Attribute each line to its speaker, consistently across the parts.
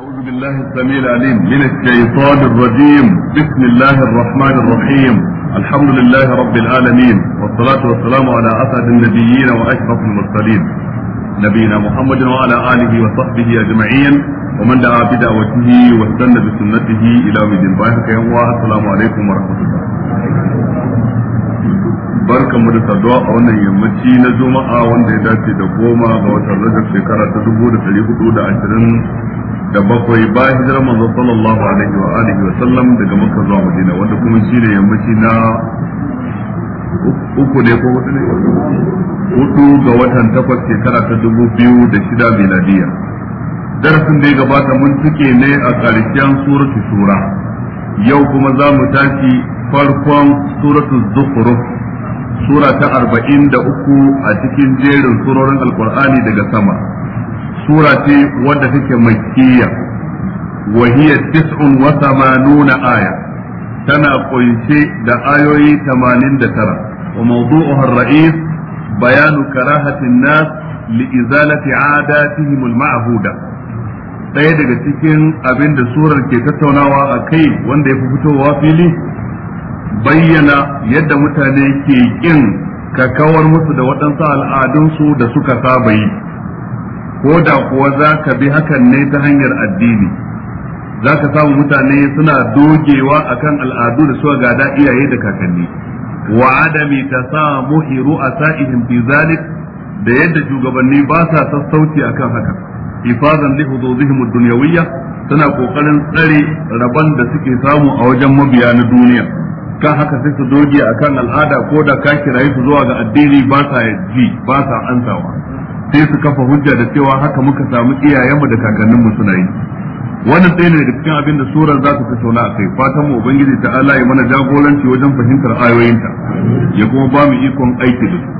Speaker 1: أعوذ بالله السميع العليم من الشيطان الرجيم بسم الله الرحمن الرحيم الحمد لله رب العالمين والصلاة والسلام على أسعد النبيين وأشرف المرسلين نبينا محمد وعلى آله وصحبه أجمعين ومن دعا بدعوته واستنى بسنته إلى يوم الدين السلام عليكم ورحمة الله barkan mu da saduwa a wannan yammaci na juma'a wanda ya dace da goma ga watan rajab shekara ta dubu da dari hudu da ashirin da bakwai ba hijirar manzo sallallahu alaihi wa alihi wa sallam daga makka zuwa madina wanda kuma shine yammaci na uku ne ko hudu ne hudu ga watan takwas shekara ta dubu biyu da shida miladiya darasin da ya gabata mun tuke ne a ƙarshen suratu sura, yau kuma za mu tashi farkon suratu zukuru sura ta arba'in da uku a cikin jerin surorin alkur'ani daga sama sura ce wadda take makkiya wa hiya tis'un wa thamanuna aya tana kunshe da ayoyi 89 wa mawdu'uha ar-ra'is bayanu karahati an-nas li izalati 'adatihim al-ma'huda daya daga cikin abin da surar ke tattaunawa a kai wanda ya fi fitowa fili bayyana yadda mutane ke kin kakawar musu da waɗansu al'adunsu da suka saba yi ko da kuwa za ka bi hakan ne ta hanyar addini za ka samu mutane suna dogewa akan al'adu da suka gada iyaye da kakanni wa adami hiru a sa'ihin bizalik da yadda shugabanni ba sa sassauci akan haka ifazan li hududihim dunyawiyya suna kokarin tsare rabon da suke samu a wajen mabiya na duniya kan haka sai su doge akan al'ada ko da ka kirayi su zuwa ga addini ba sa ji ba sa ansawa sai su kafa hujja da cewa haka muka samu iyayenmu da kakanninmu suna yi wannan sai ne da cikin abin da surar za ta tattauna a kai fatan mu ubangiji ta ala ya mana jagoranci wajen fahimtar ayoyinta ya kuma ba mu ikon aiki da su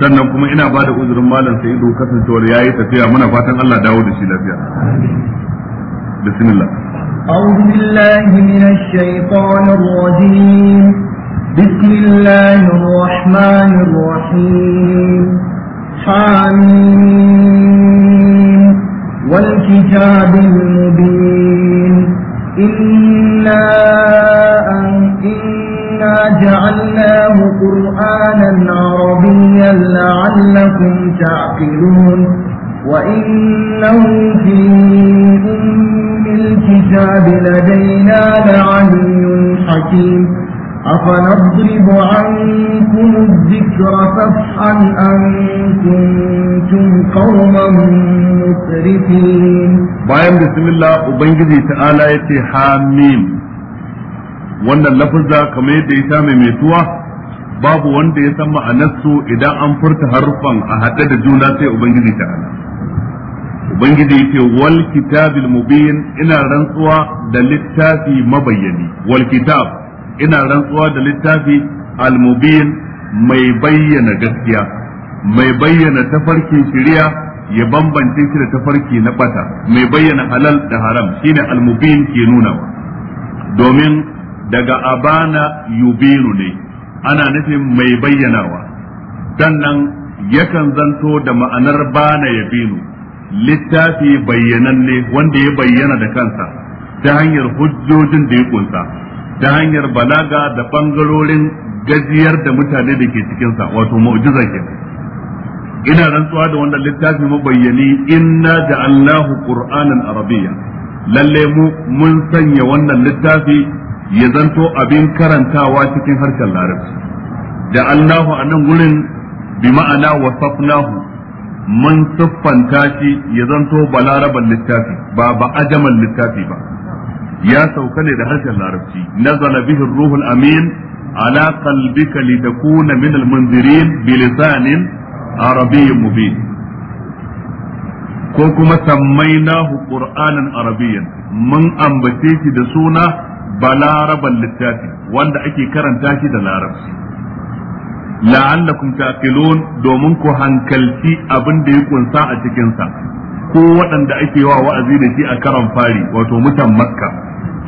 Speaker 1: sannan kuma ina ba da uzurin malam sai ido kasancewar ya yi tafiya mana fatan Allah dawo da shi lafiya bismillah
Speaker 2: أعوذ بالله من الشيطان الرجيم بسم الله الرحمن الرحيم حميم والكتاب المبين إنا إنا جعلناه قرآنا عربيا لعلكم تعقلون وإنه في أم الكتاب لدينا لعلي حكيم أفنضرب عنكم الذكر صفحا أن كنتم قوما
Speaker 1: مسرفين بايم بسم الله وبنجزي تعالى يتي حاميم wannan lafazza kamar yadda ya same mai tuwa babu wanda ya san ma'anarsu idan an furta haruffan a haɗe da juna sai ubangiji ta'ala ubangiji yake wal kitabil mubin ina rantsuwa da littafi mabayyani wal kitab ina rantsuwa da littafi al mai bayyana gaskiya mai bayyana tafarkin shari'a ya bambance shi da tafarki na bata mai bayyana halal da haram shine al ke nuna wa. domin daga abana yubinu ne ana nufin mai bayyanawa sannan yakan zanto da ma'anar bana yabinu littafi bayyananne wanda ya bayyana da kansa ta hanyar hujjojin da ya kunsa ta hanyar balaga da bangarorin gajiyar da mutane da ke cikinsa wato mu'jiza ke ina rantsuwa da wannan littafi bayyani inna allahu qur'anan arabiya lalle mu mun sanya wannan littafi ya zanto abin karantawa cikin harshen larabci da Allahu a nan wurin bi ma'ana wasafnahu mun siffanta shi ya zanto balaraban littafi ba ba ajaman littafi ba ya sauka ne da harshen larabci nazala bihi ruhul amin ala da litakuna min almunzirin bi lisanin arabiyyin mubin ko kuma sammainahu qur'anan arabiyyan mun ambace shi da suna balaraban littafi wanda ake karanta shi da larabci la'allakum taqilun domin ku hankalci abin da ya kunsa a cikinsa, ko waɗanda ake wa wa'azi da shi a karan fari wato mutan makka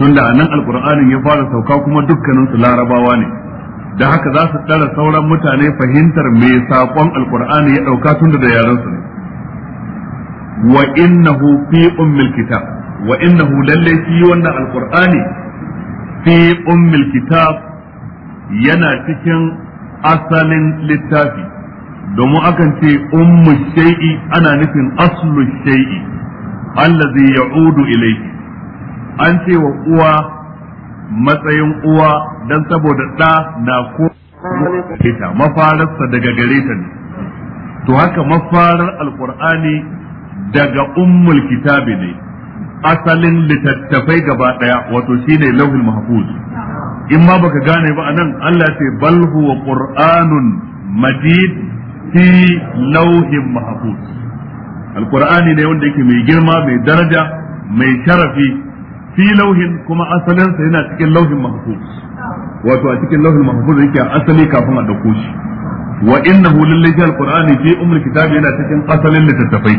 Speaker 1: tunda nan alkur'anin ya fara sauka kuma dukkanin su larabawa ne da haka za su tsara sauran mutane fahimtar me sakon alkur'ani ya ɗauka tunda da yaran su ne wa innahu fi ummil kitab wa innahu lalle shi wannan alqur'ani fi ummil kitab yana cikin asalin littafi domin akan ce ummu shay'i ana nufin aslu shay'i allazi ya'udu ilayhi an ce wa uwa matsayin uwa dan saboda ɗa na ko mafararsa daga gare ta ne to haka mafarar alkur'ani daga ummul kitabi ne asalin littattafai gaba ɗaya wato shine lauhul mahfuz in ma baka gane ba anan Allah ya ce bal huwa qur'anun majid fi lauhin mahfuz alkur'ani ne wanda yake mai girma mai daraja mai sharafi fi lauhin kuma asalinsa yana cikin lauhin mahfuz wato a cikin lauhin mahfuz yake asali kafin a dauko shi wa innahu lillahi alqur'ani fi umri kitabi yana cikin asalin littattafai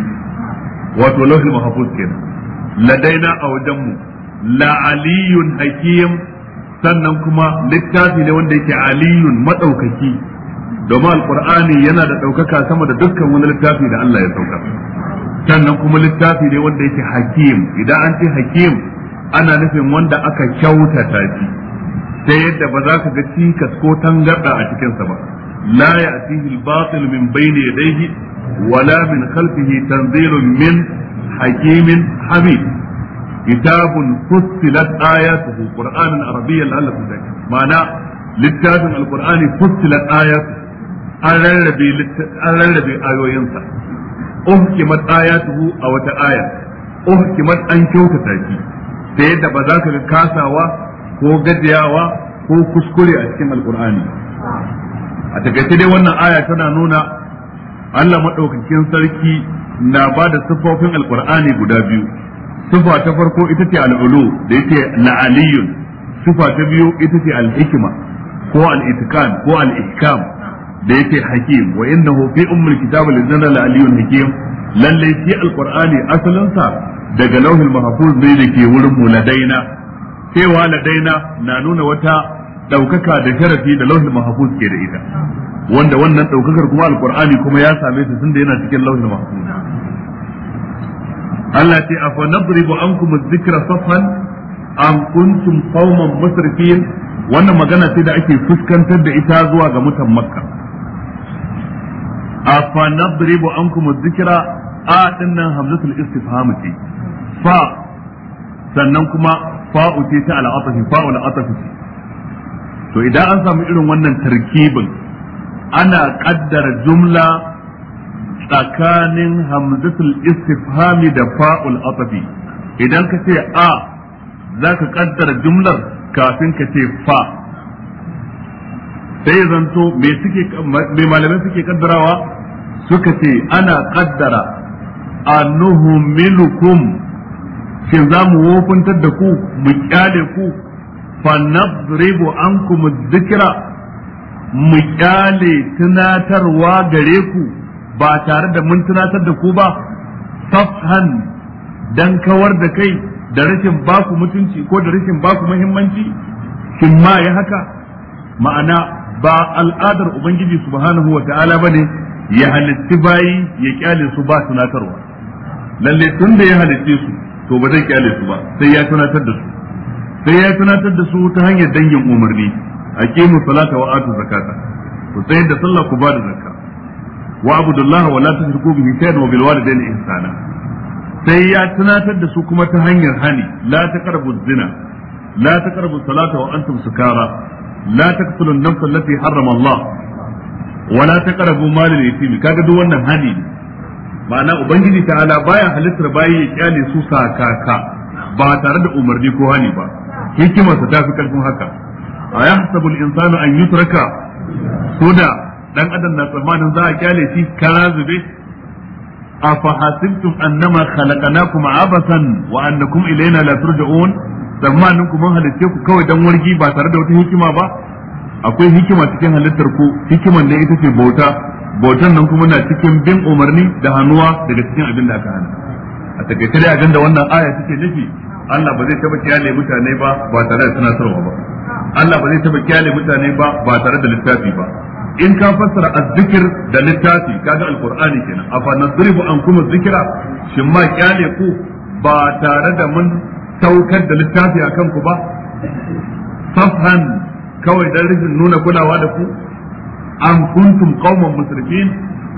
Speaker 1: wato lauhin mahfuz kenan ladaina a wajen mu la aliyun hakim sannan kuma littafi ne wanda yake aliyun madaukaki domin alqur'ani yana da daukaka sama da dukkan wani littafi da Allah ya sauka sannan kuma littafi ne wanda yake hakim idan an ce hakim ana nufin wanda aka kyautata shi ta yadda ba za ka ga cikas ko tangarda a cikinsa ba la ya'tihi al-batil min bayni yadayhi wala min khalfihi tanzilun min hakimin hamid kitabun fussilat ayatuhu qur'anan arabiyyan la'allakum taqilun ma'ana littafin al-qur'ani fussilat ayatuhu an an rarrabe ayoyinsa uhkimat ayatuhu a wata aya uhkimat an kyautata shi da yadda ba za ka ga kasawa ko gajiyawa ko kuskure a cikin alkur'ani a takaice dai wannan aya tana nuna Allah maɗaukakin sarki na ba da siffofin alkur'ani guda biyu sifa ta farko ita ce al'ulu da yake la'aliyun sifa ta biyu ita ce al'hikima ko al'itikan ko al'ihkam da yake hakim wa innahu fi ummul kitab lana la'aliyun hakim lalle shi alqur'ani asalinsa daga lauhin Mahafuz ne da ke wurin mu ladaina cewa ladaina na nuna wata daukaka da sharafi da lauhin Mahafuz ke da ita wanda wannan daukakar kuma alqur'ani kuma ya same ta tunda yana cikin lauhin mahfuz Allah ce afa nadribu ankum adh-dhikra safhan am kuntum qauman musrifin wannan magana sai da ake fuskantar da ita zuwa ga mutan makka afa nadribu ankum adh-dhikra a dinnan hamzatul istifham ce fa sannan kuma fa'u ce ta al'atafi fa'u al'atafi to idan an samu irin wannan tarkibin ana kaddara jumla tsakanin hamzatul istifhami da fa'ul atafi idan ka ce a za ka kaddara jumlar kafin ka ce fa sai ya zanto mai malamai suke kaddarawa suka ce ana kaddara anuhumilukum shin za mu wofuntar da ku mu kyale ku fa nadribu ankum dhikra mu kyale tunatarwa gare ku ba tare da mun tunatar da ku ba safhan dan kawar da kai da rashin baku mutunci ko da rashin baku muhimmanci kin ma ya haka ma'ana ba al'adar ubangiji subhanahu wa ta'ala bane ya halitti bayi ya kyale su ba tunatarwa lalle tun da ya halitte su to ba zai kyale su ba sai ya tunatar da su sai ya tunatar da su ta hanyar dangin umarni a aqimu salata wa atu zakata ku tsayar da sallah ku ba da zakka wa abudullahi wa la tushriku bihi shay'an wa bil walidayni ihsana sai ya tunatar da su kuma ta hanyar hani la taqrabu zina la taqrabu salata wa antum sukara la taqtulu an-nafs allati harrama Allah wa la taqrabu mal al-yatim kaga duk wannan hani ne ma'ana ubangiji ta ala baya halittar bayi ya kyale su sakaka ba tare da umarni ko hali ba hikimarsa ta tafi karfin haka a yahsabu al-insanu an yutraka suda dan adam na tsammanin za a kyale shi kara zube أفحسبتم أنما Abasan عبثا وأنكم إلينا لا ترجعون tsammanin ku mun halitte ku kawai dan wargi ba tare da wata hikima ba akwai hikima cikin halittar ku hikiman ne ita ce bauta bautan nan kuma na cikin bin umarni da hannuwa daga cikin abin da aka hana a takaice dai abin da wannan aya take nufi Allah ba zai taba kyale mutane ba ba tare da sanarwa ba Allah ba zai taba kiyale mutane ba ba tare da littafi ba in ka fassara azzikir da littafi kaga alqur'ani kenan afa nadribu kuma zikira shin ma kyale ku ba tare da mun saukar da littafi akan ku ba fafhan kawai dan rikin nuna kulawa da ku an kuntum qauman musrifin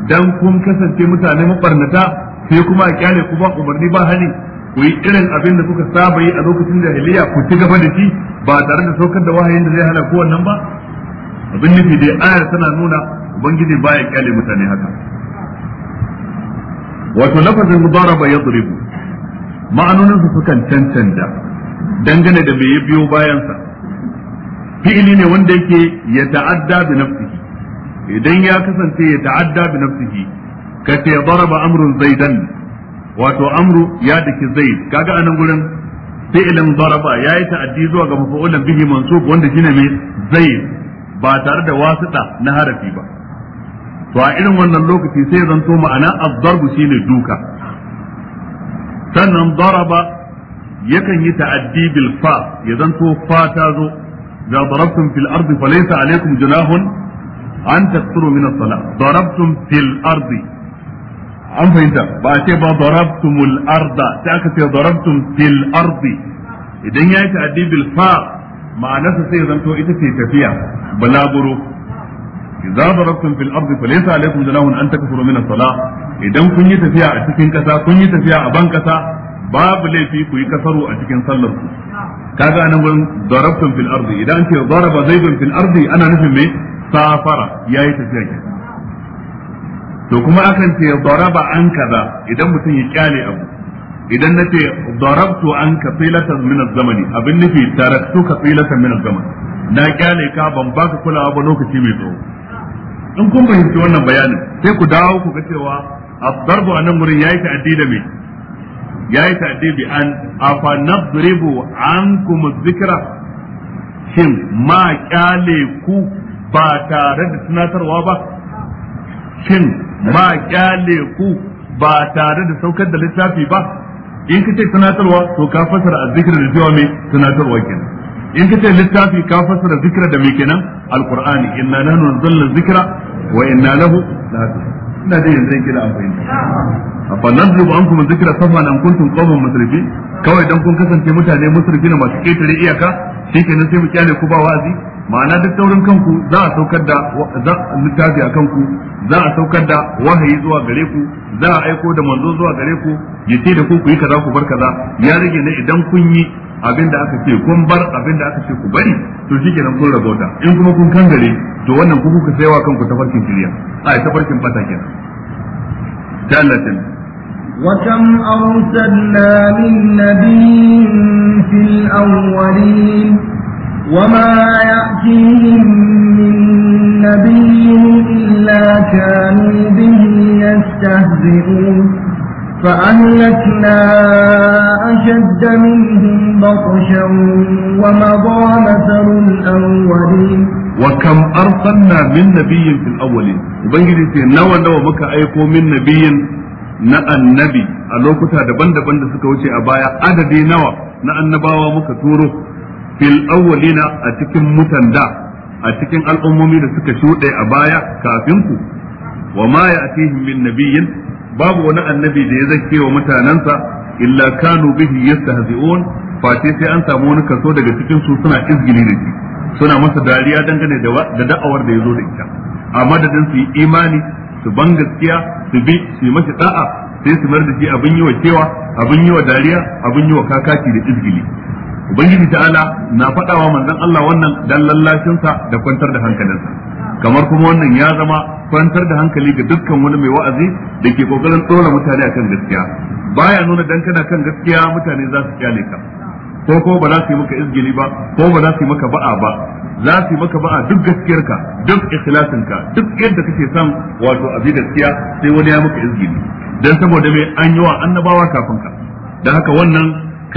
Speaker 1: dan kun kasance mutane mabarnata sai kuma a kyale ku ba umarni ba hani ku yi irin abin da kuka saba yi a lokacin jahiliya ku ci gaba da shi ba tare da saukar da wahayin da zai hana ku wannan ba abin nufi dai ayar tana nuna ubangiji baya kyale mutane haka wato lafazin mudaraba yadribu ma'anonin su sukan cancanta dangane da me ya biyo bayansa fi'ili ne wanda yake ya ta'adda bi nafsihi idan ya kasance ya ta'adda bi nafsihi ka ce daraba amrun zaidan wato amru ya dake zaid kaga anan gurin fi'ilin daraba yayi ta'addi zuwa ga mafu'ulan bihi mansub wanda shine mai zaid ba tare da wasita na harafi ba to a irin wannan lokaci sai zanto ma'ana ad-darbu shine duka sannan daraba yakan yi ta'addi bil fa ya zanto fa ta zo da darabtum fil ardi falaysa alaykum junahun an taksuru min as-salah darabtum fil ardi an fahimta ba ce ba darabtumul arda sai aka ce darabtum fil ardi idan ya yi ta'addi bil fa ma'anarsa sai zanto ita ce tafiya balaguro idza darabtum fil ardi falaysa alaykum junahun an takfuru min as-salah idan kun yi tafiya a cikin kasa kun yi tafiya a ban kasa babu laifi ku yi kasaru a cikin sallar ku kaga anan gurin darabtum fil ardi idan ce daraba zaidun fil ardi ana nufin me safara yayi tafiya ke to kuma akan ce daraba an kaza idan mutum ya kyale abu idan na ce darabtu an filatan min az-zamani abin nufi ka filatan min az na kyale ka ban ka kulawa ba lokaci mai tsawo in kun fahimci wannan bayanin sai ku dawo ku ga cewa ad-darbu anan gurin yayi ta'addi da me yayi ta'addi bi an afa nadribu an adh zikra shin ma kyale ku ba tare da tunatarwa ba shin ma kyale ku ba tare da saukar da littafi ba in kace tunatarwa to ka fasara azzikra da jiwa me tunatarwa kenan in kace littafi ka fasara zikra da mai kenan alqur'ani inna nahnu nazzalna zikra wa inna lahu lahafizun ina dai yanzu kila an fa nadribu ankum dhikra safan an kuntum qawman musrifin kawai dan kun kasance mutane musrifin masu ketare iyaka shi ke shikenan sai mu kyale ku ba wa'azi ma'ana duk taurin kanku za a saukar da littafi a kanku za a saukar da wahayi zuwa gare ku za a aiko da manzo zuwa gare ku ya ce da ku ku yi kaza ku bar kaza ya rage ne idan kun yi abin da aka ce kun bar abin da aka ce ku bari to shikenan kun rabota in kuma kun kangare to wannan ku kuka sayawa kanku tafarkin kiriya a tafarkin bata kenan
Speaker 2: وكم أرسلنا من نبي في الأولين وما يأتيهم من نبي إلا كانوا به يستهزئون فأهلكنا أشد منهم بطشا ومضى مثل الأولين
Speaker 1: وكم أرسلنا من نبي في الأولين وبنجد نوى نوى بك أيكو من نبي na annabi a lokuta daban-daban da suka wuce a baya adadi nawa na annabawa muka turo fil awwalina a cikin mutanda a cikin al'ummomi da suka shuɗe a baya kafin ku wa ma ya'tihim min nabiyyin babu wani annabi da ya zake wa mutanansa illa kanu bihi yastahzi'un fati sai an samu wani kaso daga cikin su suna izgili da shi suna masa dariya dangane da da'awar da yazo da ita a madadin su yi imani su ban gaskiya su bi su yi masa da'a sai su mar da shi abin yi wa cewa abin yi wa dariya abin yi wa kakaci da izgili ubangiji ta'ala na faɗawa manzon Allah wannan dan lallashinsa da kwantar da hankalinsa kamar kuma wannan ya zama kwantar da hankali ga dukkan wani mai wa'azi da ke kokarin tsora mutane akan gaskiya baya nuna dan kana kan gaskiya mutane za su kyale ka ko ko ba za su yi maka izgili ba ko ba za su yi maka ba'a ba za su yi maka ba'a duk gaskiyarka duk ikhlasinka duk yadda kake son wato abi gaskiya sai wani ya maka izgili dan saboda me an yi wa annabawa kafin ka dan haka wannan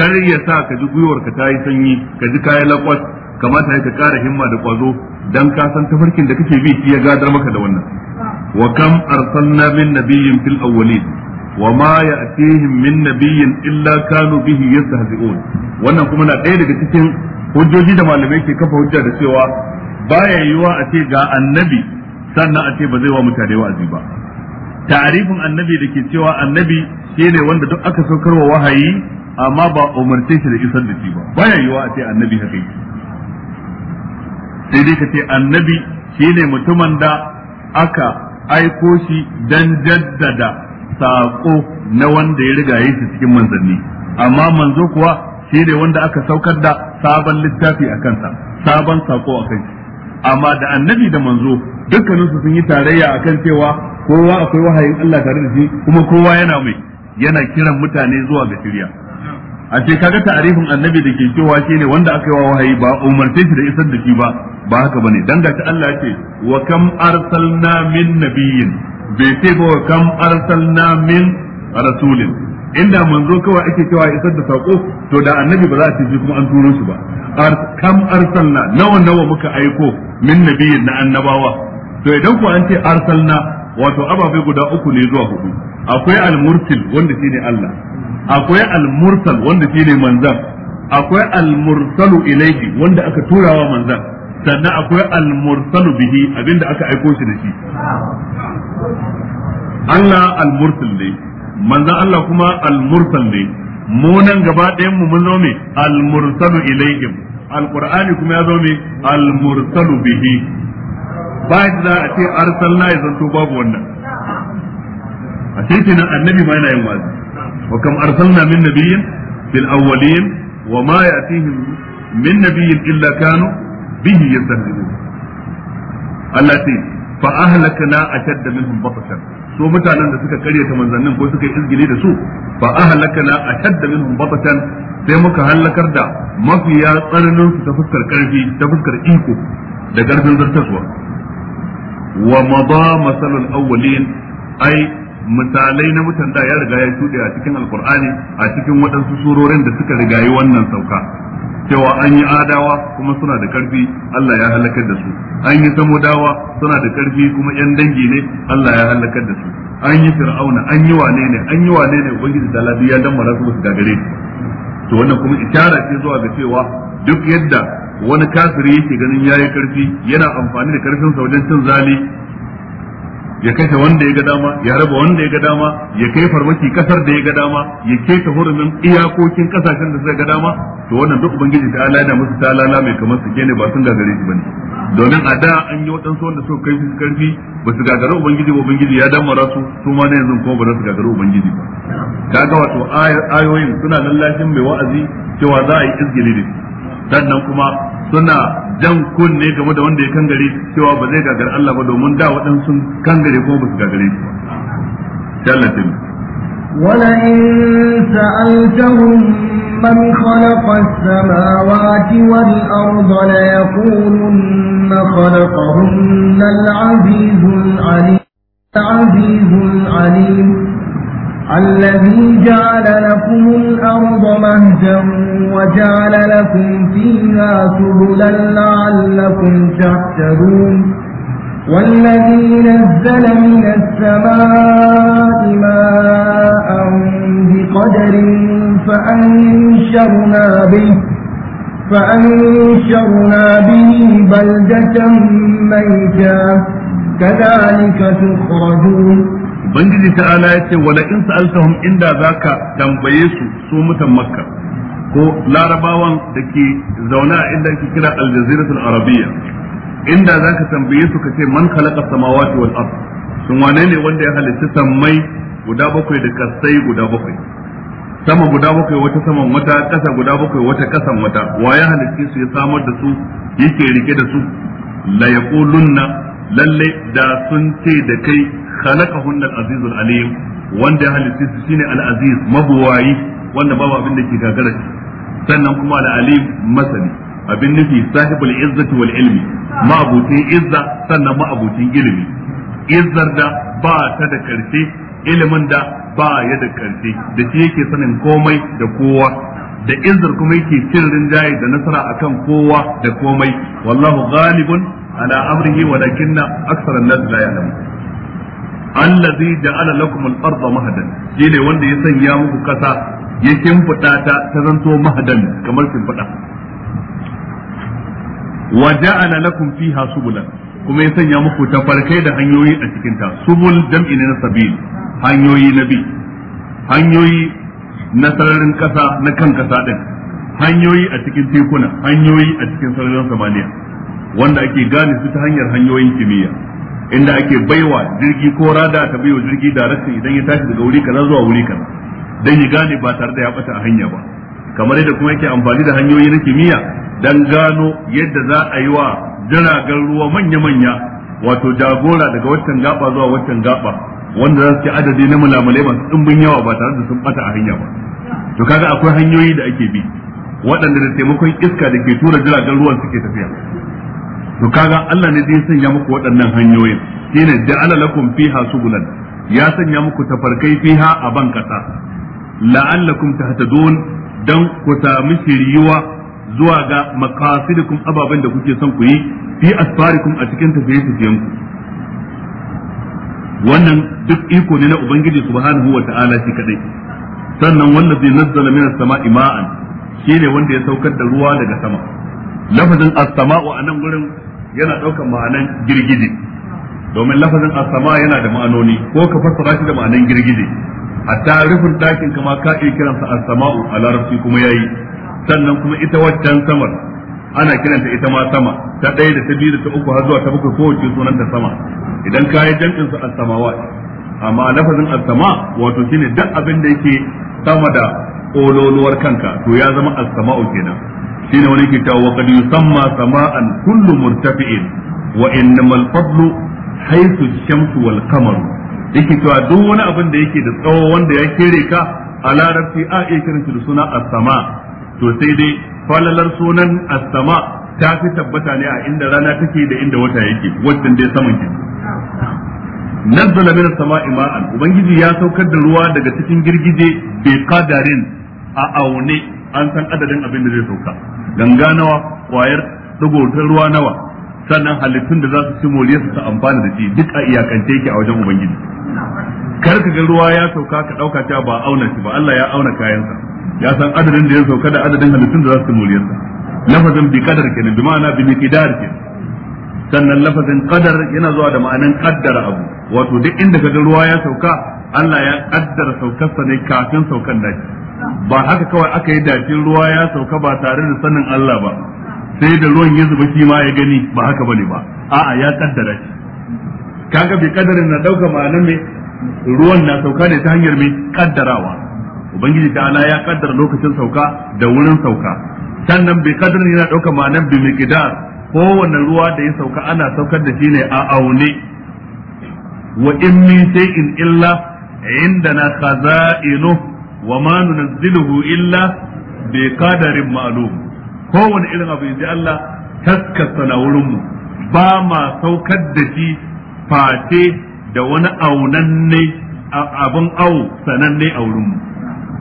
Speaker 1: kar ya sa ka ji gwiwarka ta yi sanyi ka ji kayan lakwas kamata ya ka ƙara himma da kwazo dan ka san tafarkin da kake bi shi ya gadar maka da wannan wa kam arsalna min nabiyyin fil awwalin وما يأتيهم من نبي إلا كانوا به يستهزئون wannan kuma na ɗaya daga cikin hujjoji da malamai ke kafa hujja da cewa baya yiwa a ce ga annabi sannan a ce ba zai wa mutane wa'azi ba tarifin annabi da ke cewa annabi shi ne wanda duk aka saukar wa wahayi amma ba umarce shi da isar da shi ba baya yiwa a ce annabi haka yi. sai dai ka ce annabi shi ne mutumin da aka aiko shi dan jaddada Saƙo na wanda ya riga yi shi cikin manzanni amma manzo kuwa shi ne wanda aka saukar da sabon littafi a kansa sabon saƙo a kai amma da annabi da manzo dukkaninsu sun yi tarayya akan cewa kowa akwai wahayin Allah tare da shi kuma kowa yana mai yana kiran mutane zuwa ga shirya a ce kaga tarihin annabi da ke cewa ne wanda aka yi wa wahayi ba umarce shi da isar da shi ba ba haka bane dan ga ta Allah ce wa kam arsalna min nabiyyin bai ce ba kam arsalna min rasulin inda manzo kawai ake cewa isar da sako to da annabi ba za a ce kuma an turo shi ba kam arsalna nawa nawa muka aiko min nabiyin na annabawa to idan ku an ce arsalna wato ababai guda uku ne zuwa hudu akwai almursil wanda shine Allah akwai almursal wanda shine manzan akwai almursalu ilayhi wanda aka turawa manzan sannan akwai almursalu bihi abinda aka aiko shi da shi Allah al-mursal ne manzo Allah kuma al-mursal ne mu nan gaba ɗayan mu mun zo al-mursalu ilaihim al-qur'ani kuma ya zo al-mursalu bihi ba da a ce arsalna ya zanto babu wannan a cikin annabi ma yana yin wazi wa kam arsalna min nabiyyin bil awwalin wa ma ya'tihim min nabiyyin illa kanu bihi yastahzi'un Allah ce fa ahlakna ashadda minhum batashan so mutanen da suka ta manzannin ko suka yi izgili da su fa ahlakna ashadda minhum batashan sai muka halakar da mafiya tsananin su ta fuskar karfi ta fuskar iko da garbin zartaswa wa mada masalul awwalin ai misalai na mutan da ya riga ya shuɗe a cikin alkur'ani a cikin waɗansu surorin da suka riga yi wannan sauka cewa an yi adawa kuma suna da karfi Allah ya halakar da su an yi samudawa suna da karfi kuma yan dangi ne Allah ya halakar da su an yi fir'auna an yi wane ne an yi wane ne ubangiji da labi ya dammara su su gagare to wannan kuma ishara ce zuwa ga cewa duk yadda wani kafiri yake ganin yayi karfi yana amfani da karfin sa wajen cin zali ya kashe wanda ya ga dama ya raba wanda ya ga dama ya kai farmaki kasar da ya ga dama ya keta hurumin iyakokin kasashen da suka ga dama to wannan duk ubangiji ta al'ada musu ta lala mai kamar su ne ba sun gagare shi bane domin a da an yi wadansu wanda suka kai su karfi ba su gagare ubangiji ba ubangiji ya damara su su ma na yanzu kuma ba za su gagare ubangiji ba kaga wato ayoyin suna lallashin mai wa'azi cewa za a yi izgili sannan kuma suna jan kunne game da wanda ya kangare cewa ba zai gagar Allah ba domin da waɗansu kangare ko ba su gagare shi ba tallatin
Speaker 2: ولئن سألتهم من خلق السماوات والأرض ليقولن خلقهن العزيز العليم العزيز العليم الذي جعل لكم الأرض مهجا وجعل لكم فيها سبلا لعلكم تحتدون والذي نزل من السماء ماء بقدر فأنشرنا به فأنشرنا به بلدة
Speaker 1: ميتا كذلك تخرجون ubangiji ta'ala yace wala in sa'altahum inda zaka tambaye su su mutan makka ko larabawan da ke zaune a inda ake kira aljaziratul arabiyya inda zaka tambaye su kace man khalaqa samawati wal ard sun wane ne wanda ya halitta sammai guda bakwai da kasai guda bakwai sama guda bakwai wata saman wata kasa guda bakwai wata kasan wata wa ya halitta su ya samar da su yake rike da su la yaqulunna lalle da sun ce da kai khalaqahunna al-aziz al-alim wanda ya halitta su shine al-aziz mabuwayi wanda babu abin da ke gagara sannan kuma al-alim masani abin nufi sahibul izzati wal ilmi ma'abutin izza sannan ma'abutin ilimi izzar da ba ta da karshe ilimin da ba ya da karshe da shi yake sanin komai da kowa da izzar kuma yake cin rinjaye da nasara akan kowa da komai wallahu ghalibun ala amrihi walakinna aktharan nas la ya'lamun allazi ja'ala lakum al-ardha mahdan shine wanda ya sanya muku kasa ya kimfuta ta ta zanto mahadan kamar kimfuta wa ja'ala lakum fiha subulan kuma ya sanya muku tafarkai da hanyoyi a cikin ta subul jam'i na sabil hanyoyi na hanyoyi na sararin kasa na kan kasa din hanyoyi a cikin tekuna hanyoyi a cikin sararin samaniya wanda ake gane su ta hanyar hanyoyin kimiyya inda ake baiwa jirgi ko rada ta baiwa jirgi darakta idan ya tashi daga wuri kaza zuwa wuri kaza dan ya gane ba tare da ya bata a hanya ba kamar yadda kuma yake amfani da hanyoyi na kimiyya dan gano yadda za a yi wa jiragen ruwa manya-manya wato jagora daga waccan gaba zuwa waccan gaba wanda za su ci adadi na mulamulai masu ɗimbin yawa ba tare da sun bata a hanya ba to kaga akwai hanyoyi da ake bi waɗanda da taimakon iska da ke tura jiragen ruwan suke tafiya to kaga Allah ne zai sanya muku waɗannan hanyoyin shine ja'ala lakum fiha subulan ya sanya muku tafarkai fiha a ban kasa la'allakum tahtadun dan ku sami shiriyuwa zuwa ga maqasidikum ababen da kuke son ku yi fi asfarikum a cikin tafiye-tafiyen ku wannan duk iko ne na ubangiji subhanahu wata'ala shi kadai sannan wallazi nazzala minas sama'i ma'an shine wanda ya saukar da ruwa daga sama lafazin as-sama'u anan gurin yana ɗaukar ma'anan girgije domin lafazin asama yana da ma'anoni ko ka fassara shi da ma'anan girgije A tarihin ɗakin kama ka iya kiransa asama'u a larabci kuma yayi sannan kuma ita waccan samar ana kiranta ita ma sama ta ɗaya da ta biyu da ta uku har zuwa ta bakwai kowace sunan ta sama idan ka yi jam'in su asamawa amma lafazin asama wato shine duk abin da yake sama da ololuwar kanka to ya zama asama'u kenan shine wani ke cewa wa qad yusamma sama'an kullu murtafi'in wa innamal fadlu haythu shamsu wal qamaru yake cewa duk wani abin da yake da tsawo wanda ya kere ka a larabci a iya suna as-sama to sai dai falalar sunan as-sama ta fi tabbata ne a inda rana take da inda wata yake wannan dai saman ki nazzala min as-sama'i ma'an ubangiji ya saukar da ruwa daga cikin girgije bi qadarin a aune an san adadin abin da zai sauka ganga nawa kwayar digo ta ruwa nawa sannan halittun da za su ci moliya su amfana da shi duk a iyakance yake a wajen ubangiji kar ka ga ruwa ya sauka ka dauka ta ba auna shi ba Allah ya auna kayansa ya san adadin da ya sauka da adadin halittun da za su ci moliya sa lafazin bi kadar kenan bi ma'ana bi miqdar kenan sannan lafazin qadar yana zuwa da ma'anan qaddara abu wato duk inda ka ga ruwa ya sauka Allah ya kaddara saukarsa ne kafin saukan da shi ba haka kawai aka yi dafin ruwa ya sauka ba tare da sanin Allah ba sai da ruwan ya zuba shi ma ya gani ba haka bane ba a'a ya kaddara shi kaga bi kadarin na dauka ma'anar me ruwan na sauka ne ta hanyar me kaddarawa ubangiji ta'ala ya kaddara lokacin sauka da wurin sauka sannan bi kadarin yana dauka ma'anar bi miqdar kowanne ruwa da ya sauka ana saukar da shi ne a aune wa in min shay'in illa indana khaza'inuhu wa ننزله إلا illa معلوم هو ma'lum kowane irin abu inji Allah taskasa na wurin mu ba ma saukar da shi face da wani aunanne abin sananne a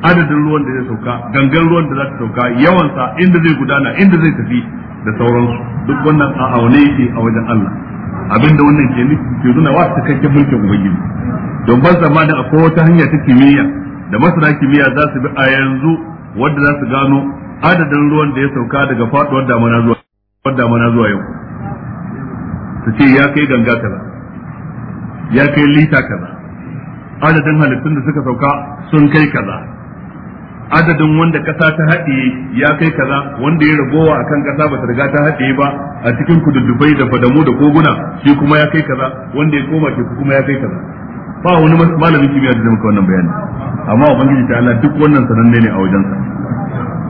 Speaker 1: adadin ruwan da zai sauka gangan ruwan da za ta sauka yawansa inda zai gudana inda zai tafi da sauransu duk wannan a aune yake a wajen Allah abinda wannan ke nufi ke zuna wa cikakken mulkin ubangiji don ban zamanin akwai wata hanya ta kimiyya da masana kimiyya za su bi a yanzu wadda za su gano adadin ruwan da ya sauka daga faduwar damana zuwa damana zuwa yau su ce ya kai ganga kaza ya kai lita kaza adadin halittun da suka sauka sun kai kaza adadin wanda kasa ta haɗiye ya kai kaza wanda ya ragowa a kan kasa ba ta riga ta haɗiye ba a cikin kududdubai da fadamu da koguna shi kuma ya kai kaza wanda ya koma shi kuma ya kai kaza ba wani malamin kimiyya da zai wannan bayani amma ubangiji ta Allah duk wannan sananne ne a wajensa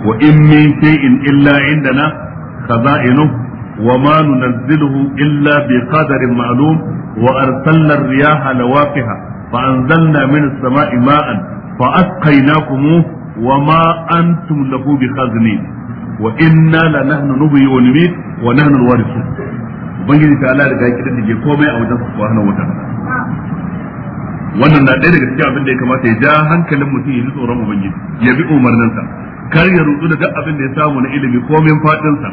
Speaker 1: wa in min shay'in illa indana khaza'inu wa ma nunzilu illa bi qadarin ma'lum wa arsalna ar-riyaha lawaqiha fa anzalna min as-sama'i ma'an fa asqaynakum wa ma antum lahu bi khaznin wa inna lanahnu nubyi wa nahnu al-warithun ubangiji ta Allah daga kidan dige komai a wajensa subhanahu wa ta'ala wannan na ɗaya daga cikin abin da ya kamata ya ja hankalin mutum ya ji tsoron ubangiji ya bi umarninsa kar ya rutsu da duk abin da ya samu na ilimi ko min fadinsa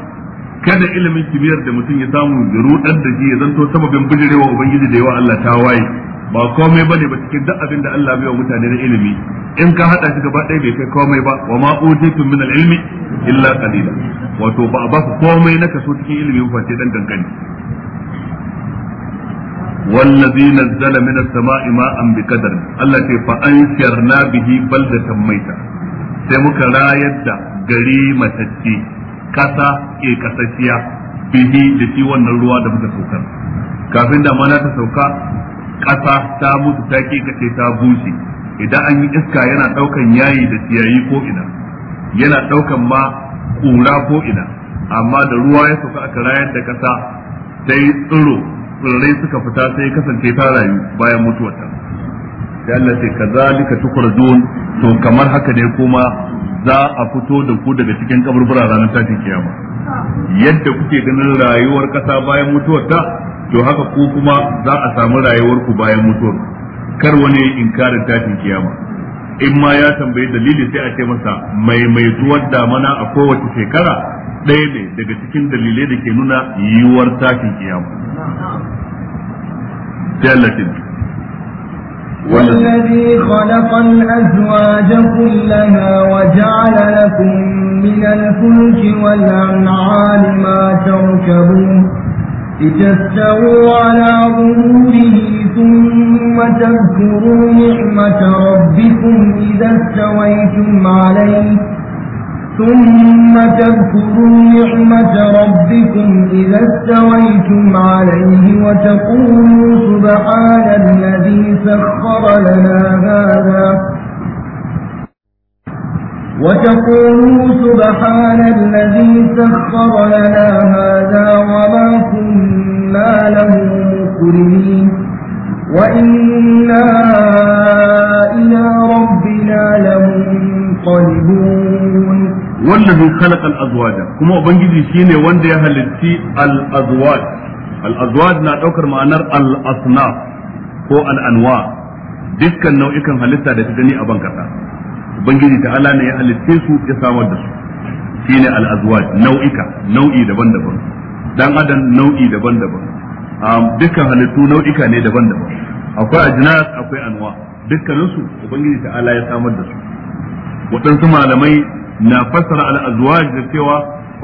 Speaker 1: kada ilimin kimiyyar da mutum ya samu ya rudar da ji ya zanto sababin bijirewa ubangiji da yawa Allah ta waye ba komai bane ba cikin duk abin da Allah bai wa mutane na ilimi in ka hada shi gaba ɗaya bai kai komai ba wa ma utitum min al-ilmi illa qalila wato ba a ba su komai na kaso cikin ilimi ba sai dan dangane wallazi nazzala min as-sama'i ma'an biqadar Allah ce fa ansharna bihi baldatan maita sai muka rayar da gari matacce kasa ke kasashiya bihi da shi wannan ruwa da muka saukar kafin da mana ta sauka kasa ta mutu ta ke kace ta bushe idan an yi iska yana ɗaukan yayi da ciyayi ko'ina, yana ɗaukan ma kura ko'ina, amma da ruwa ya sauka a rayar da kasa sai tsiro tsirrai suka fita sai kasance ta rayu bayan mutuwarta sai Allah ce kazalika tukurdun to kamar haka ne kuma za a fito da ku daga cikin kaburbura ranar tashin kiyama yadda kuke ganin rayuwar kasa bayan mutuwarta to haka ku kuma za a samu rayuwar ku bayan mutuwar kar wani inkarin tashin kiyama in ma ya tambayi dalili sai a ce masa mai mai maimaituwar damana a kowace shekara ɗaya ne daga cikin dalilai da ke nuna yiwuwar tashin kiyama والذي
Speaker 2: خلق الأزواج كلها وجعل لكم من الفلك والأنعام ما تركبون لتستووا على ظهوره ثم تذكروا نعمة ربكم إذا استويتم عليه ثم تذكروا نعمة ربكم إذا استويتم عليه وتقولوا سبحان الذي سخر لنا هذا وتقولوا سبحان الذي سخر لنا هذا وما كنا له مقرنين وإنا إلى ربنا لمنقلبون والذي
Speaker 1: خلق الأزواج كما أبنجي شيني وندي هلتي الأزواج الأزواج نا أوكر معنى الأصناف هو الأنواع دكا نوعكم هلتا دتجني أبنكتا ubangiji ta ala ne ya halitte su ya samar da su shine al-azwaj nau'ika nau'i daban-daban dan adam nau'i daban-daban dukkan halittu nau'ika ne daban-daban akwai ajnas akwai anwa dukkanin su ubangiji ta ala ya samar da su waɗansu malamai na fassara al-azwaj da cewa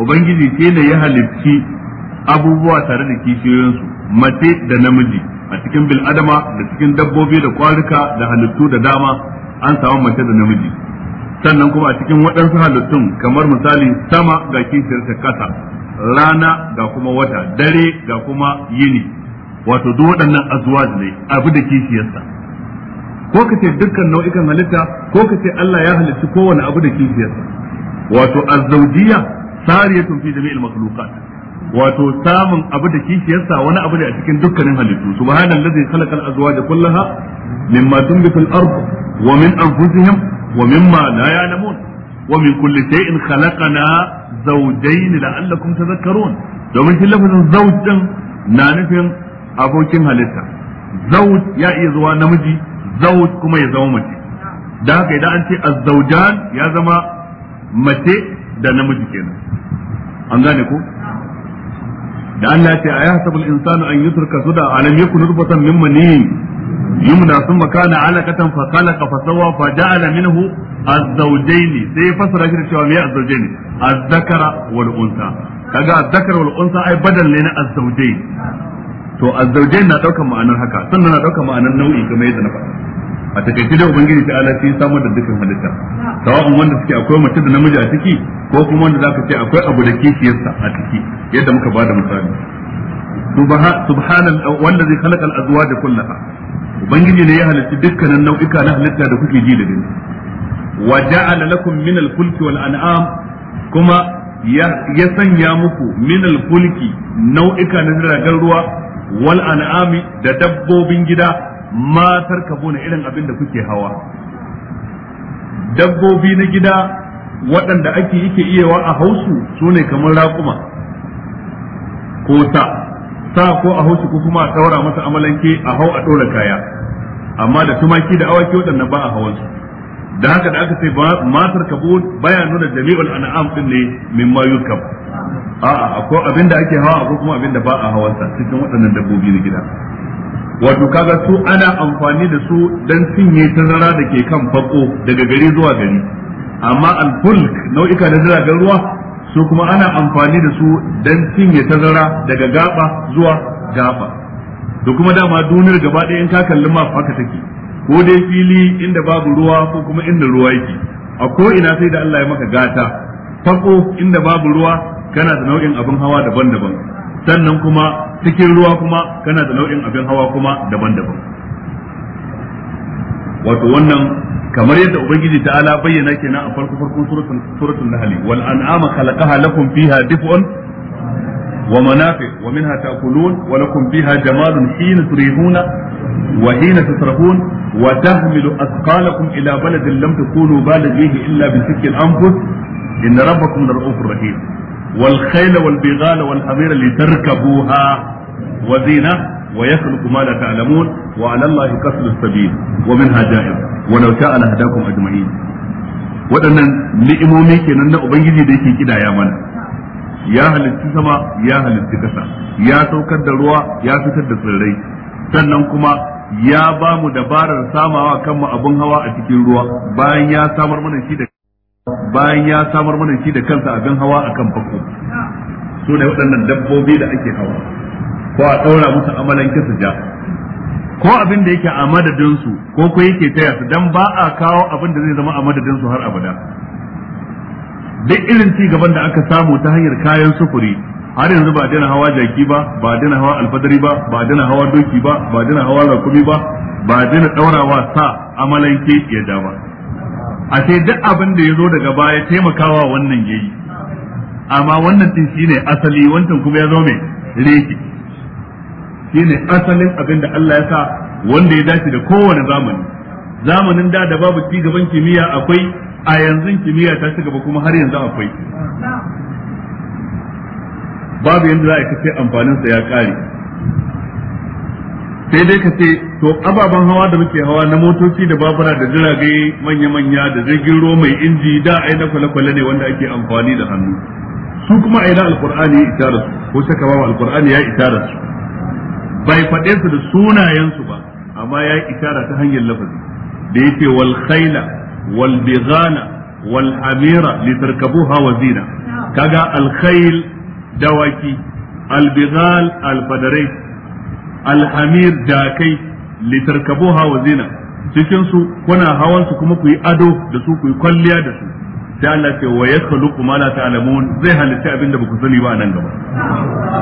Speaker 1: ubangiji ce ne ya halitti abubuwa tare da kishiyoyinsu mace da namiji a cikin bil'adama da cikin dabbobi da kwarika da halittu da dama an samu mace da namiji sannan kuma a cikin waɗansu halittun kamar misali sama ga kishiyarta kasa rana ga kuma wata dare ga kuma yini wato duk waɗannan azwaj ne abu da kishiyarsa ko ka ce dukkan nau'ikan halitta ko ka ce Allah ya halitta kowane abu da kishiyarsa
Speaker 2: wato azzawjiyya
Speaker 1: sariyatun fi jami'il makhluqat wato samun abu da kishiyarsa wani abu ne a cikin dukkanin halittu subhanallazi khalaqal azwaja kullaha mimma tunbitul ard wa min anfusihim wa mimma la ya'lamun wa min kulli shay'in khalaqana zawjayn la'allakum tadhakkarun domin shi lafazin zawj din na nufin abokin halitta zawj ya iya zuwa namiji zawj kuma ya zama mace da haka idan an ce az-zawjan ya zama mace da namiji kenan an gane ko da Allah ce a yahsabu al-insanu an yutruka suda alam yakun nutfatan min maniyin yumna thumma kana alaqatan fa khalaqa fa sawwa fa ja'ala minhu az-zawjayn sai fasara shi cewa me az-zawjayn az-zakara wal unsa kaga az-zakara wal unsa ai badal ne na az-zawjayn to az-zawjayn na daukan ma'anar haka sannan na daukan ma'anar nau'i kamar yadda na faɗa a takaice da ubangiji ta ala sai samar da dukkan halitta sawa'un wanda suke akwai mace da namiji a ciki ko kuma wanda zaka ce akwai abu da kishiyarsa a ciki yadda muka bada misali subhanan wanda zai khalaqa al da kullaha ubangiji ne ya halitta dukkanin nau'ika na halitta da kuke ji da gani wa ja'ala lakum min al-fulki wal an'am kuma ya sanya muku min al-fulki nau'ika na jiragen ruwa wal an'ami da dabbobin gida ma tarkabuna irin abin da kuke hawa dabbobi na gida waɗanda ake yake iyawa a hausu su ne kamar raƙuma ko sa sa ko a hausu ko kuma a saura masa amalanke a hau a ɗora kaya amma da tumaki da awaki waɗanda ba a hawansu da haka da aka ce matar kabun baya nuna jami'ul an'am din ne mimma yukab a'a akwai abin da ake hawa akwai kuma abin da ba a hawansa cikin waɗannan dabbobi na gida wato kaga su ana amfani da su dan cinye tazara da ke kan fako daga gari zuwa gari amma al-fulk nau'ika na jiragen ruwa su kuma ana amfani da su dan cinye tazara daga gaba zuwa gaba da kuma dama duniyar gaba ɗaya in ka kalli ma haka take ko dai fili inda babu ruwa ko kuma inda ruwa yake a ko ina sai da Allah ya maka gata fako inda babu ruwa kana da nau'in abin hawa daban-daban sannan kuma cikin ruwa kuma kana da nau'in abin hawa kuma daban-daban wato wannan kamar yadda ubangiji ta'ala bayyana kenan a farko farkon suratul suratul nahl wal an'ama khalaqaha lakum fiha dif'un wa manafi' wa minha ta'kulun wa lakum fiha jamalun hina turihuna wa hina tasrafun wa tahmilu athqalakum ila baladin lam takunu balighihi illa bi sikil anfus inna rabbakum la rahim wal khayla wal bighala wal hamira litarkabuha wa zina wa yakhluqu ma la ta'lamun wa 'ala Allahi qasdus sabil wa minha ja'ir wa law sha'a la hadakum waɗannan ni'imomi kenan na ubangiji da yake kidaya mana ya halitta sama ya halitta ƙasa ya saukar da ruwa ya fitar da tsirrai sannan kuma ya ba mu dabarar samawa kanmu abin hawa a cikin ruwa bayan ya samar mana shi da bayan ya samar mana shi da kansa abin hawa akan fako su ne waɗannan dabbobi da ake hawa ko a ɗaura musu amalan kisa ja ko abin da yake a madadin ko ko yake taya su dan ba a kawo abin da zai zama a madadin har abada duk irin ci gaban da aka samu ta hanyar kayan sufuri har yanzu ba dina hawa jaki ba ba dina hawa alfadari ba ba dina hawa doki ba ba dina hawa rakumi ba ba dina ɗaurawa sa amalanke keke ya ja ba sai duk abin da ya zo daga baya taimakawa wannan yayi amma wannan din shine asali wancan kuma ya zo mai reki shine asalin abin da Allah ya sa wanda ya dace da kowane zamani zamanin da da babu ci gaban kimiyya akwai a yanzu kimiyya ta ci gaba kuma har yanzu akwai babu yanda za a kace amfanin sa ya kare sai dai ka ce to ababen hawa da muke hawa na motoci da babura da jirage manya-manya da jirgin ruwa mai inji da ai na kwale-kwale ne wanda ake amfani da hannu su kuma yi na alkur'ani ya da su ko saka ba alkur'ani ya da su bai faɗe su da sunayensu ba amma ya yi isara ta hanyar lafazi da yake wal khaila wal bighala wal zina kaga al dawaki al bighal alhamir dakai litarkabuha wa zina cikin su kuna hawan su kuma ku yi ado da su ku yi kwalliya da su sai Allah ce wa yakhluqu kuma la ta'lamun zai halitta abinda ba ku sani ba nan gaba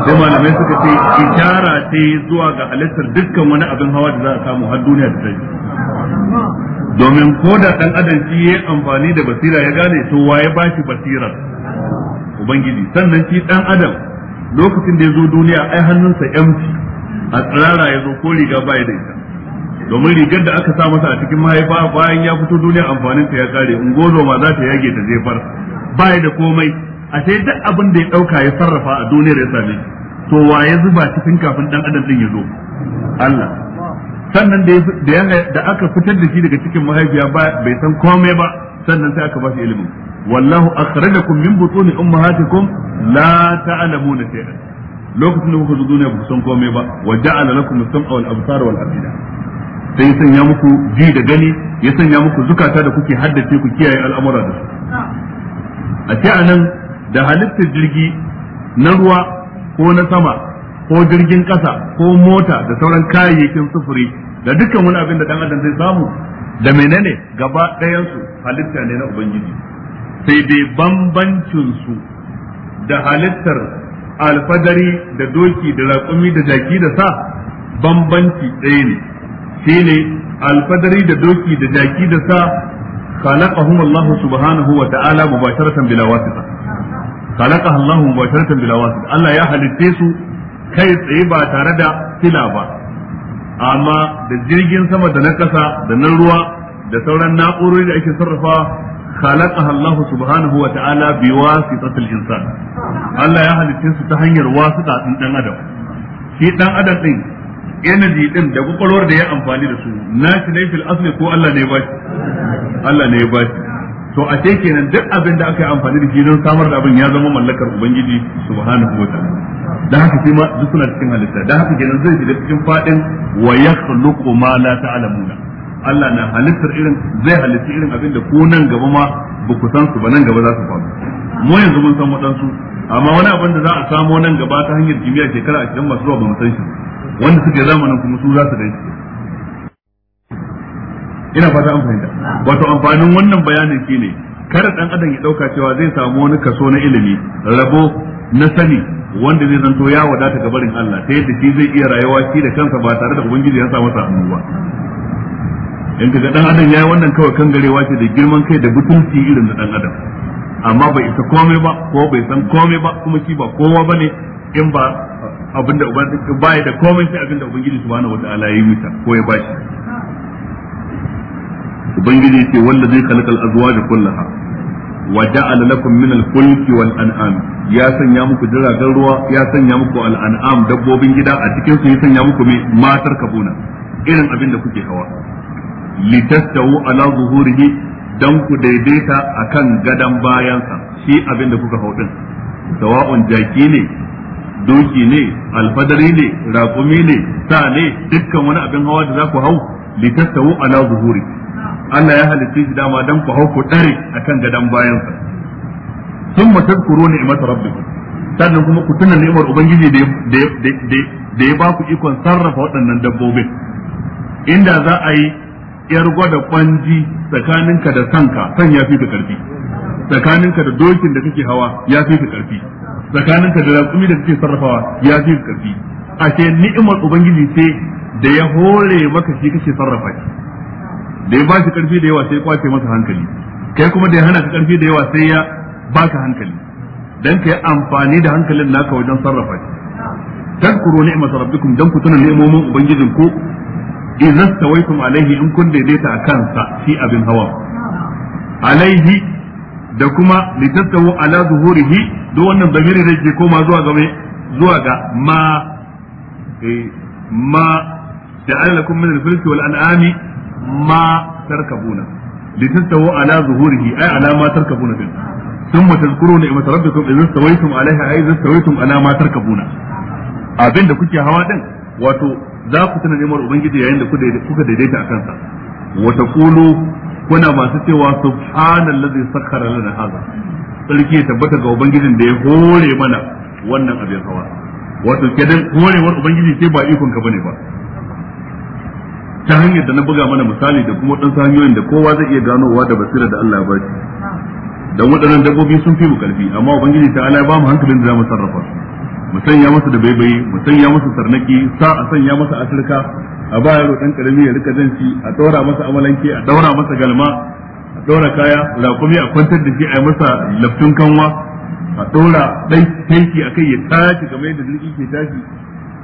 Speaker 1: sai malamai suka ce ishara ce zuwa ga halittar dukkan wani abin hawa da za a samu har duniya da tashi domin ko da dan adam shi yayi amfani da basira ya gane to waye ba shi basira ubangiji sannan shi dan adam lokacin da ya zo duniya ai hannunsa yamci a tsirara ya zo ko riga ba da ita domin rigar da aka sa masa a cikin mahaifa bayan ya fito duniya amfanin ta ya kare gozo ma za ta yage ta jefar ba ya da komai a sai duk abin da ya dauka ya sarrafa a duniyar ya same to wa ya zuba cikin kafin dan adam din ya zo Allah sannan da ya da aka fitar da shi daga cikin mahaifiya bai san komai ba sannan sai aka ba shi ilimin wallahu akhrajakum min butuni ummahatikum la ta'lamuna shay'an lokacin da kuka zo duniya ba san komai ba wa ja'ala lakum as wal absar wal afida sai ya sanya muku ji da gani ya sanya muku zukata da kuke haddace ku kiyaye al'amura da su a ce anan da halittar jirgi na ruwa ko na sama ko jirgin ƙasa ko mota da sauran kayayyakin sufuri da dukkan wani abin da dan adam zai samu da menene gaba ɗayansu halitta ne na ubangiji sai dai bambancin su da halittar alfadari da doki da raƙumi da jaki da sa bambanci ɗaya ne ne, alfadari da doki da jaki da sa khalaqahum Allah subhanahu wa ta'ala mubasharatan bila wasita khalaqahu Allah mubasharatan bila wasita Allah ya halitte su kai tsaye ba tare da sila ba amma da jirgin sama da na ƙasa, da na ruwa da sauran na'urori da ake sarrafa khalaqaha Allah subhanahu wa ta'ala bi wasitatil insan Allah ya halitta su ta hanyar wasita din dan adam shi dan adam din energy din da kwakwalwar da ya amfani da su nashi ne fil asli ko Allah ne ya bashi Allah ne ya bashi to a ce kenan duk abin da aka yi amfani da shi don samar da abin ya zama mallakar ubangiji subhanahu wa ta'ala da haka ma cikin halitta da haka kenan zai fi cikin faɗin wa yakhluqu ma Allah na halittar irin zai halitta irin abin da ko nan gaba ma ba ku san su ba nan gaba za su faru mu yanzu mun san waɗansu amma wani abin da za a samo nan gaba ta hanyar kimiyya shekara ashirin masu zuwa ba mu san shi wanda suke zamanin kuma su za su gan ina fata an fahimta wato amfanin wannan bayanin ne kada dan adam ya dauka cewa zai samu wani kaso na ilimi rabo na sani wanda zai zanto ya wadata ga barin Allah ta yadda shi zai iya rayuwa shi da kansa ba tare da ubangiji ya sa masa hannu ba dan ga dan adam yayi wannan kawai kan garewa ce da girman kai da butunci irin da dan adam amma bai isa komai ba ko bai san komai ba kuma shi ba kowa bane in ba abinda ya da komai sai abinda ubangiji subhanahu wataala yayi mita ko ya bashi ubangiji ce wanda zai khalaqal azwaj kullaha wa ja'ala lakum min al-fulki wal an'am ya sanya muku jiragen ruwa ya sanya muku al-an'am dabbobin gida a cikin su ya sanya muku mai matar kabuna irin abin da kuke hawa litastawu ala zuhurihi dan ku daidaita akan gadan bayansa shi abin da kuka hau din sawa'un jaki ne doki ne alfadari ne raƙumi ne sa ne dukkan wani abin hawa da za ku hau litastawu ala zuhuri Allah ya halitta shi dama dan ku hau ku dare akan gadan bayansa sun ne ni'mat rabbi sannan kuma ku tuna ni'imar ubangiji da ya ba ku ikon sarrafa waɗannan dabbobin inda za a yi yar gwada kwanji tsakaninka da sanka san ya fi ka karfi tsakaninka da dokin da kake hawa ya fi ka karfi tsakaninka da raƙumi da kake sarrafawa ya fi ka karfi ce ni'imar ubangiji ce da ya hore maka shi kake sarrafa shi da ya ba karfi da yawa sai kwace masa hankali kai kuma da ya hana ka karfi da yawa sai ya baka hankali dan kai amfani da hankalin naka wajen sarrafa shi tadkuru ni'mat rabbikum dan ku tuna ni'imomin ubangijin ku idan sawaitum alaihi in kun daidaita a kansa shi abin hawa alaihi da kuma litattawu ala zuhurihi duk wannan zamiri da ke koma zuwa ga zuwa ga ma ma da alakum min al-fulki wal an'ami ma tarkabuna litattawu ala zuhurihi ay ala ma tarkabuna din ثم تذكروا نعمة ربكم إذا استويتم عليها أي إذا استويتم على ما تركبون abin da kuke hawa din wato za ku tuna neman ubangiji yayin da kuka daidaita a kansa Wata kulu kuna masu cewa subhanallazi sakhkhara lana hadha sarki ya tabbata ga ubangijin da ya hore mana wannan abin hawa wato kedan horewar ubangiji sai ba ikon ka bane ba ta hanyar da na buga mana misali da kuma wadansu hanyoyin da kowa zai iya ganowa da basira da Allah ya ba shi dan waɗannan dabbobi sun fi mu karfi amma ubangiji ta Allah ya ba mu hankalin da za mu sarrafa su mu sanya masa da baibayi mu sanya masa sarnaki sa a sanya masa asirka a ba yaro dan karami ya rika zanci, a daura masa amalanke a daura masa galma a daura kaya raƙumi a kwantar da shi a yi masa laftun kanwa a daura dai tanki akai ya tashi kamar yadda jirgi ke tashi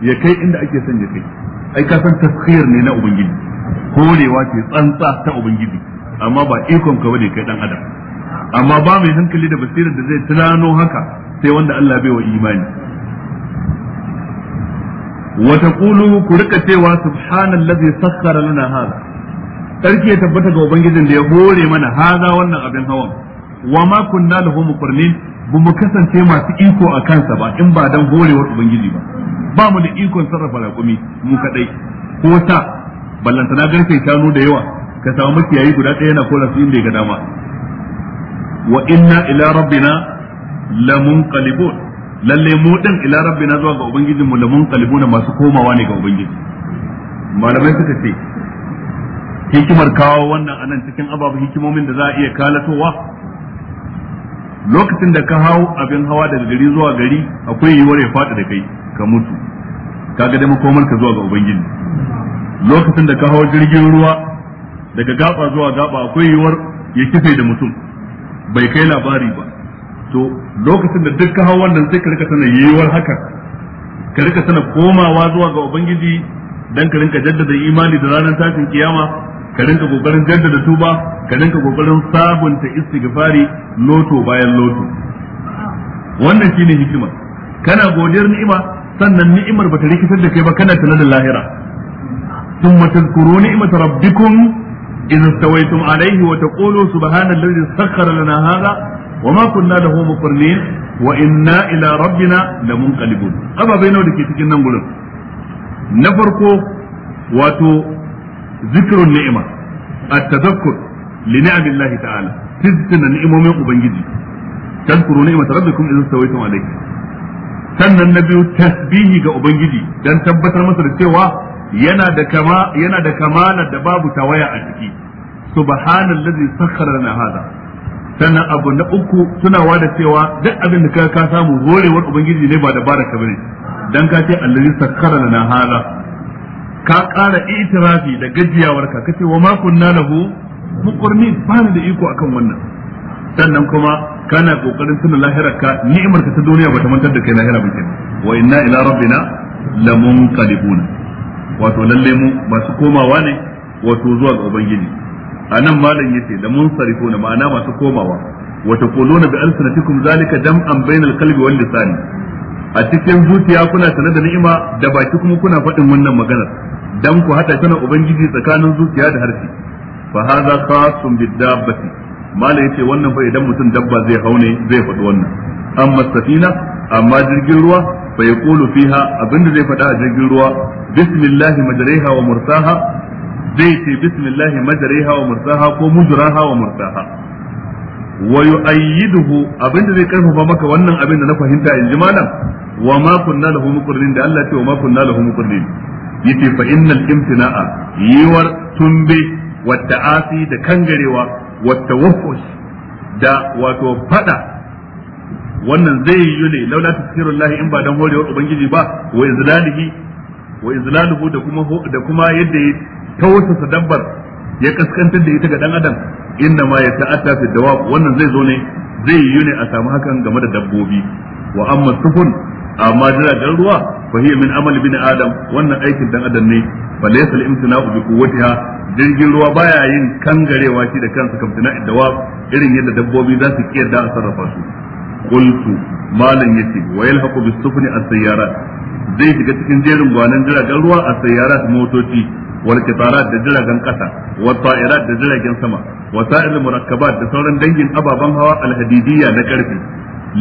Speaker 1: ya kai inda ake son ya kai ai ka san tafsir ne na ubangiji horewa ce tsantsa ta ubangiji amma ba ikon ka bane kai dan adam amma ba mai hankali da basirar da zai tunano haka sai wanda Allah bai wa imani wa taqulu ku rika cewa subhanallazi sakhkhara lana hada sarki ya tabbata ga ubangijin da ya hore mana haza wannan abin hawan wa ma kunna lahu muqrinin bu mu kasance masu iko a kansa ba in ba dan horewa ubangiji ba ba mu da ikon sarrafa raƙumi mu kadai ko ta ballantana garfe shanu da yawa ka samu makiyayi guda ɗaya na kora su inda ya ga dama wa inna ila rabbina lamunqalibun lalle mu din ila rabbina zuwa ga ubangijin mu lamun qalibuna masu komawa ne ga ubangiji malamai suka ce hikimar kawo wannan anan cikin ababu hikimomin da za a iya kalatowa lokacin da ka hau abin hawa daga gari zuwa gari akwai yiwuwar ya faɗi da kai ka mutu kaga dai makomar ka zuwa ga ubangiji lokacin da ka hau jirgin ruwa daga gaba zuwa gaba akwai yiwuwar ya kife da mutum bai kai labari ba to lokacin da duk hawan wannan sai ka rika sanar yiwuwar hakan ka rika sanar komawa zuwa ga ubangiji dan ka rinka jaddada imani da ranar tashin kiyama ka rinka kokarin jaddada tuba ka rinka kokarin sabunta istighfari loto bayan loto wannan shine hikima kana godiyar ni'ima sannan ni'imar bata rikitar da kai ba kana tana da lahira thumma tadhkuru ni'mata rabbikum إذا استويتم عليه وتقولوا سبحان الذي سخر na hada. وما كنا له مقرنين وإنا إلى ربنا لمنقلبون أبا بينه لكي تكن نقول نفرقو واتو ذكر النعمة التذكر لنعم الله تعالى تذكر النعمة من أبنجي تذكروا نعمة ربكم إذا استويتم عليه sannan na biyu tasbihi ga ubangiji dan tabbatar masa da cewa yana da kama yana da kamala da babu tawaya a ciki subhanallazi sakhkhara lana hada sannan abu na uku tunawa da cewa duk abin da ka ka samu rorewar ubangiji ne ba da ka bane dan ka ce allazi sakkara lana hala. ka ƙara itirafi da gajiyawar ka kace wa ma kunna lahu muqrinin ba da iko akan wannan sannan kuma kana kokarin tuna ka ni'imar ka ta duniya ba ta mantar da kai lahira ba wa inna ila rabbina lamunqalibun wato lalle mu masu komawa ne wato zuwa ga ubangiji anan malam yace da na ma'ana masu komawa wa taquluna bi alsanatikum zalika dam'an bainal qalbi wal lisan a cikin zuciya kuna sanar da ni'ima da baki kuma kuna faɗin wannan maganar dan ku hada tana ubangiji tsakanin zuciya da harshe fa hadha khasun bid dabbati yace wannan fa idan mutum dabba zai haune zai faɗi wannan amma safina amma jirgin ruwa fa yaqulu fiha abinda zai faɗa a jirgin ruwa bismillahi majriha wa mursaha zai ce bismillah majriha wa murtaha ko mujraha wa murtaha wa yu'ayyiduhu abinda zai karfafa maka wannan abin da na fahimta in ji malam wa ma kunna lahu muqrinin da Allah ce wa ma kunna lahu muqrinin yace fa innal imtina'a yiwar tumbe wa ta'asi da kangarewa wa tawaffus da wato fada wannan zai yi ne laula tasirullah in ba dan horewar ubangiji ba wa izlalihi wa izlaluhu da kuma da kuma yadda ta wata sa ya kaskantar da ita ga dan adam Inda ma ya ta'atta fi dawab wannan zai zo ne zai yi ne a samu hakan game da dabbobi wa amma sufun amma jiragen ruwa fa hiya min amali bin adam wannan aikin dan adam ne fa laysa al-imtina'u bi quwwatiha jirgin ruwa baya yin kangarewa shi da kansa kamtina dawab irin yadda dabbobi za su kiyar da sarrafa su qultu malan yati wa yalhaqu bis sufni as-sayyarat zai shiga cikin jerin gwanan jiragen ruwa a sayyarat motoci wal qitarat da jiragen kasa wa ta'irat da jiragen sama wa sa'il murakkabat da sauran dangin ababen hawa al hadidiyya na karfi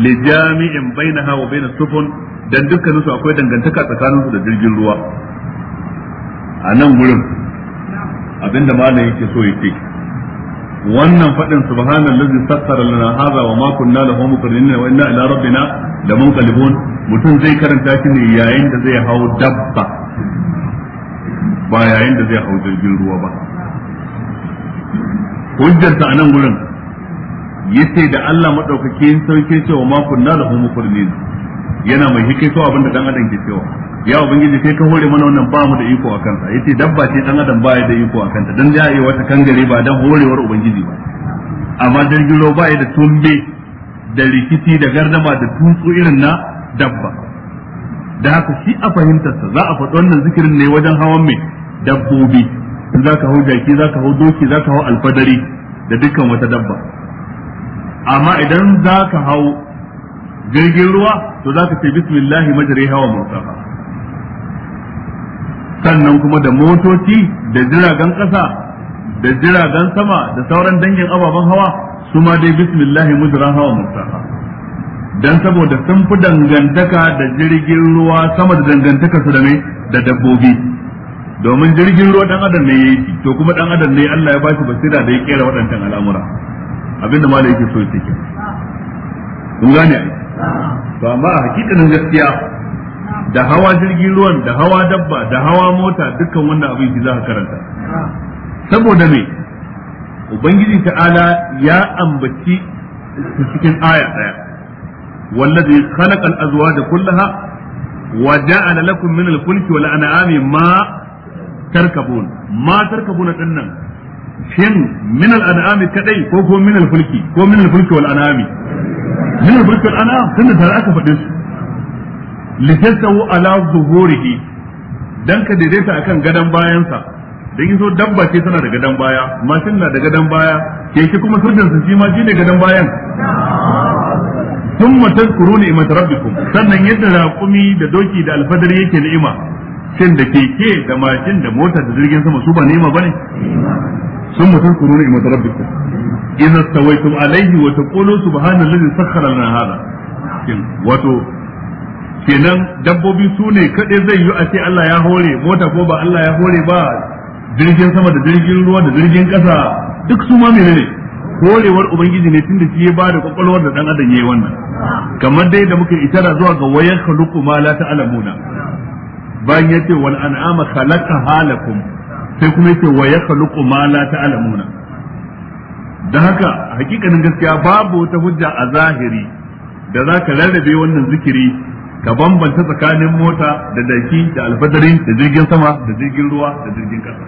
Speaker 1: li jami'in bainaha wa bain sufun dan dukkanin su akwai dangantaka tsakanin su da jirgin ruwa a nan gurin abinda malam yake so ya ce wannan fadin subhanallazi sakkara lana hadha wa ma kunna lahu muqrinin wa inna ila rabbina lamunqalibun mutum zai karanta shi ne yayin da zai hawo dabba ba yayin da zai hau jirgin ruwa ba hujjarsa a nan gurin yace da Allah yin sauke cewa ma kunna lahu muqrinin yana mai hikaito abin da dan adam ke cewa ya ubangiji kai ka hore mana wannan ba mu da iko a kansa yace dabba ce dan adam ba ya da iko a kanta dan da yayi wata kangare ba dan horewar ubangiji ba amma jirgin ruwa ba ya da tumbe da rikici da gardama da tutsu irin na dabba da haka shi a fahimtarsa za a faɗi wannan zikirin ne wajen hawan mai dabbobi in za ka hau jaki za ka hau doki za ka hau alfadari da dukkan wata dabba amma idan za ka hau jirgin ruwa to za ka ce bismillahi majari hawa mursaha sannan kuma da motoci da jiragen ƙasa da jiragen sama da sauran dangin ababen hawa su ma dai bismillahi mujran hawa mursaha dan saboda sun fi dangantaka da jirgin ruwa sama da dangantaka su da mai da dabbobi domin jirgin ruwa dan adam ne yayi to kuma dan adam ne Allah ya ba shi basira da ya kera waɗannan al'amura abinda malai yake so yake kun gane to amma a hakikanin gaskiya da hawa jirgin ruwan da hawa dabba da hawa mota dukkan wannan abin shi za ka karanta saboda me ubangiji ta'ala ya ambaci cikin aya daya wallazi khalaqal al-azwaja kullaha wa ja'ala lakum min al-fulki wal an'ami ma tarkabun ma tarkabun din nan shin min al'anami kadai ko ko min al-fulki ko min al-fulki wal anami min al-fulki wal anam tunda tare aka faɗi su litasawu ala zuhurihi dan ka daidaita akan gadan bayansa dan yaso dabba ce tana da gadan baya mashin na da gadan baya Ke shi kuma sojin su shi ma shi ne gadan bayan thumma tadhkuruna ni'mat rabbikum sannan yadda raqumi da doki da alfadar yake ni'ima shin da keke da mashin da mota da jirgin sama su ba nema bane sun mutum kuru ne imar rabbikum idza tawaitum alaihi wa taqulu subhanallazi sakhkhara lana hada kin wato kenan dabbobi su ne kadai zai yi a ce Allah ya hore mota ko ba Allah ya hore ba jirgin sama da jirgin ruwa da jirgin kasa duk su ma menene horewar ubangiji ne tunda shi ya ba da kwakwalwar da dan adam yayi wannan kamar dai da muka itara zuwa ga wayar khaluqu ma la ta'lamuna bayan ya ce wal an'ama khalaqaha lakum sai kuma yace wa yakhluqu ma la ta'lamuna da haka hakikanin gaskiya babu wata hujja a zahiri da za ka rarrabe wannan zikiri ka bambanta tsakanin mota da daki da alfadari da jirgin sama da jirgin ruwa da jirgin kasa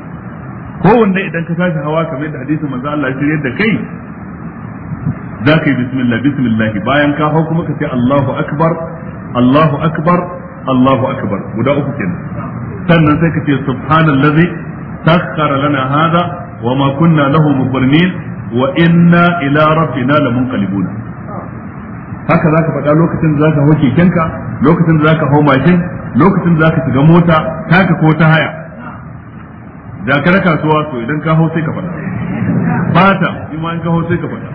Speaker 1: kowanne idan ka tashi hawa kamar da hadisin manzo Allah ya shirye da kai za ka yi bismillah bismillah bayan ka hau kuma ka ce Allahu akbar Allahu akbar Allahu akbar guda uku kenan sannan sai ka ce subhanallazi sakhkhara lana hada wa ma kunna lahu muqrinin wa inna ila rabbina lamunqalibun haka zaka faɗa lokacin da zaka hau kenka lokacin da zaka hau mashin lokacin da zaka shiga mota taka ko ta haya da ka kasuwa to idan ka hau sai ka faɗa fata in in ka hau sai ka faɗa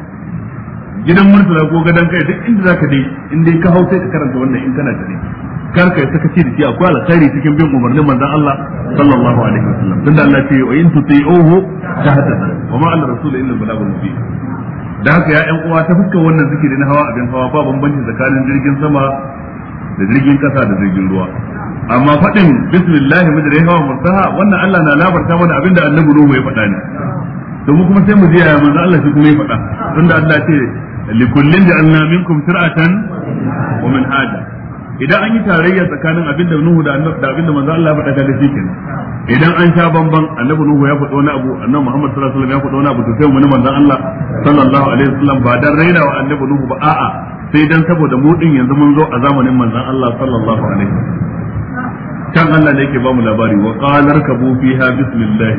Speaker 1: gidan murtala ko gadon kai duk inda zaka dai in dai ka hau sai ka karanta wannan in kana da karka saka ci da shi akwai alkhairi cikin bin umarnin manzon Allah sallallahu alaihi wasallam tunda Allah ce wa in tuti'uhu tahtadu wa ma ala rasul illa balagul mubin da haka ya ƴan uwa ta fuskar wannan zikiri na hawa abin hawa ba bambanci tsakanin jirgin sama da jirgin kasa da jirgin ruwa amma faɗin bismillah mujri hawa murtaha wannan Allah na labarta mana abinda annabi Nuhu ya faɗa ne To mu kuma sai mu ji ya manzo Allah shi kuma ya faɗa tunda Allah ya ce likullin ja'alna minkum sir'atan wa min haja idan an yi tarayya tsakanin abinda nuhu da annabi da abinda manzo Allah ya faɗa da shi idan an sha bamban annabi nuhu ya faɗo wani abu annabi Muhammad sallallahu alaihi wasallam ya faɗo wani abu to sai mun manzo Allah sallallahu alaihi wasallam ba dan raina wa annabi nuhu ba a'a sai dan saboda mu din yanzu mun zo a zamanin manzo Allah sallallahu alaihi kan Allah ne yake ba mu labari wa qalar kabu fiha bismillah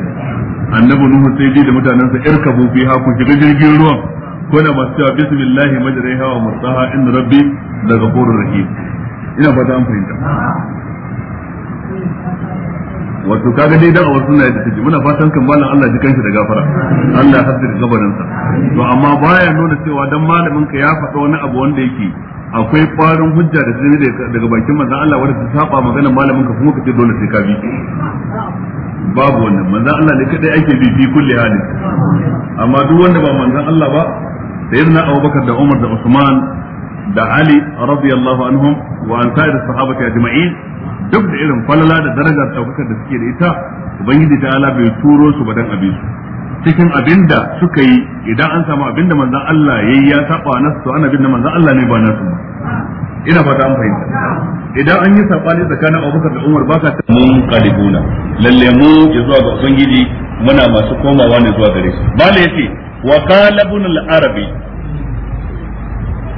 Speaker 1: annabi nuhu sai ji da mutanen mutanansa irkabu fiha ku shiga jirgin ruwan kuna masu cewa bismillah majraiha wa mursaha inna rabbi la ghafurur rahim ina fata an fahimta wato ka ga dai da awar sunna yadda take muna fatan kan malam Allah ji kanshi da gafara Allah ya haddar gabarin sa to amma baya nuna cewa dan malamin ka ya faɗa wani abu wanda yake akwai ƙwarin hujja da sunni daga bakin manzon Allah wanda ta saba maganar malamin ka kuma kace dole sai ka bi babu wannan manzon Allah ne kadai ake bi bi kulli halin amma duk wanda ba manzon Allah ba sayyidina yana Abubakar da Umar da Uthman da Ali radiyallahu anhum wa an sa'ir sahabati ajma'in duk da irin falala da darajar daukakar da suke da ita ubangiji ta ala bai turo su badan dan abin su cikin abinda suka yi idan an samu abinda manzon Allah yayi ya saba nasu to an abinda manzon Allah ne ba nasu ba ina fata an fahimta idan an yi sabani tsakanin Abubakar da Umar baka ta mun qalibuna lalle mu zuwa ga ubangiji muna masu komawa ne zuwa gare shi bala yace wa qala ibn al-arabi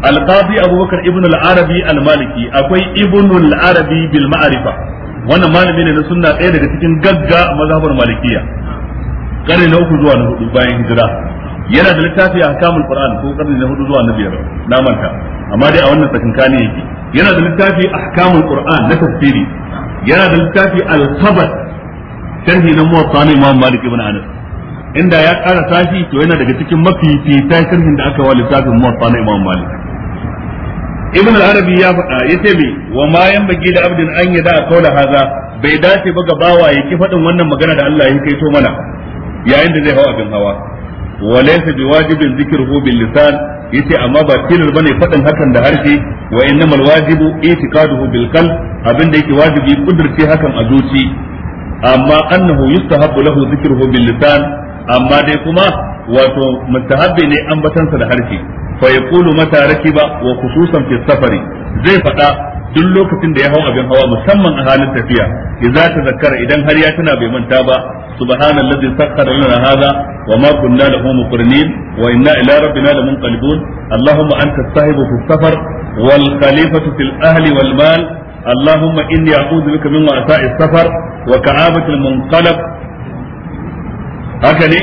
Speaker 1: al-qadi abubakar ibn al-arabi al-maliki akwai ibn al-arabi bil ma'rifa wannan malami ne na sunna ɗaya daga cikin gagga mazhabar malikiya karni na uku zuwa na hudu bayan hijira yana da littafi a kamul qur'an ko karni na hudu zuwa na biyar na manta amma dai a wannan tsakankani yake yana da littafi a ahkamul qur'an na tafsiri yana da littafi al-khabar sharhi na muwatta imam malik ibn anas inda ya ƙara tashi to yana daga cikin mafi fita sharhin da aka wa littafin muwatta na imam malik ibn arabi ya faɗa yace me wa ma yanbaghi da abdin an yada qawla haza bai dace ba ga bawa ki faɗin wannan magana da Allah ya kai to mana yayin da zai hawa abin hawa wa laysa biwajibin zikruhu bil lisan yace amma ba tilar bane faɗin hakan da harshe wa innamal wajibu itiqaduhu bil qalb abinda yake wajibi kudurce hakan a zuci amma annahu yustahabbu lahu zikruhu bil lisan amma dai kuma wato mustahabbi ne ambatansa da harshe ya yaqulu mata rakiba wa khususan fi safari zai faɗa duk lokacin da ya hau abin hawa musamman a halin tafiya idza tazakkara idan har ya tana bai manta ba subhanallazi sakhkhara lana hadha wa ma kunna lahu muqrinin wa inna ila rabbina lamunqalibun allahumma anta as-sahibu fi safar wal khalifatu fil ahli wal mal اللهم إني أعوذ بك من وعثاء السفر وكآبة المنقلب هكذا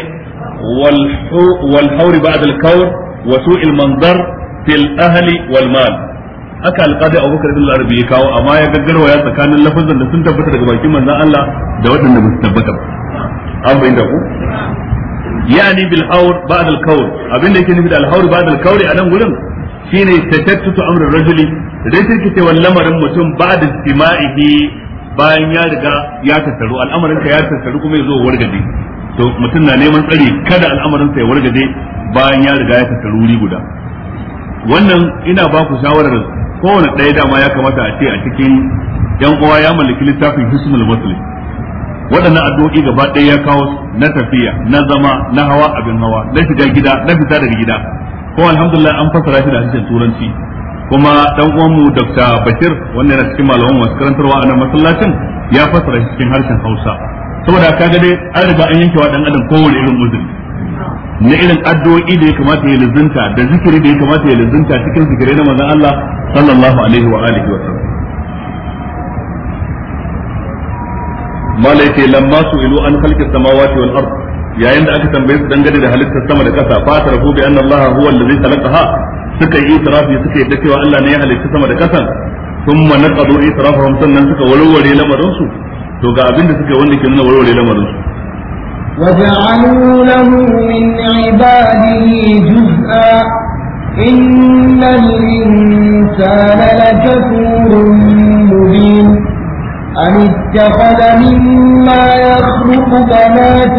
Speaker 1: والحور بعد الكور wa su'il manzar fil ahli wal mal haka alqadi Abu Bakar bin ya kawo amma ya gaggarwa ya tsakanin lafazan da sun tabbata daga bakin manzon Allah da waɗanda ba su tabbata ba an bayyana ku yani bil haur abin da yake nufi da al haur ba'd a nan gurin shine tatattutu amr rajuli rikice lamarin mutum ba'd istima'ihi bayan ya riga ya tattaru al'amarin ka ya tattaru kuma ya zo wargaje to mutum na neman tsari kada al'amarin ya wargaje bayan ya riga ya ruri guda wannan ina ba ku shawarar kowane ɗaya dama ya kamata a ce a cikin yan uwa ya mallaki littafin hismul muslim waɗannan addu'o'i gaba ɗaya ya kawo na tafiya na zama na hawa abin hawa na shiga gida na fita daga gida ko alhamdulillah an fassara shi da harshen turanci kuma dan uwan mu Dr. Bashir wanda yana cikin malaman masu karantarwa a nan masallacin ya fassara shi cikin harshen Hausa saboda kaga dai an riga an yanke wa dan adam kowane irin uzuri na irin addu'o'i da ya kamata ya lizinta da zikiri da ya kamata ya lizinta cikin zikirai na manzon Allah sallallahu alaihi wa alihi wa sallam malai lamma su ilu an halkar samawati wal ard yayin da aka tambaye su dangane da halittar sama da ƙasa fa tarafu bi anna Allah huwa allazi khalaqaha suka yi itirafi suka yadda cewa Allah ne ya halitta sama da kasa thumma naqadu itirafahum sannan suka warware lamarin su to ga abin da suka wanda ke nuna warware lamarin su وجعلوا له من عباده
Speaker 2: جزءا إن الإنسان لكفور مبين أن اتخذ مما يخلق بنات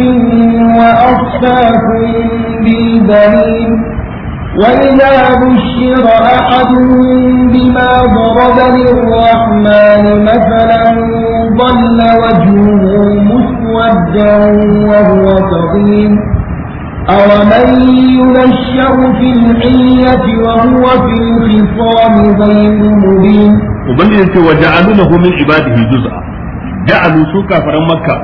Speaker 2: وأصفاكم بالبنين وإذا بشر أحدهم بما ضرب للرحمن مثلا ضل وجهه مسودا وهو كظيم أومن ينشر في الحية وهو في الخصام غير مبين
Speaker 1: وبلغت وجعلوا له من عباده جزءا جعلوا سوكا فرمكة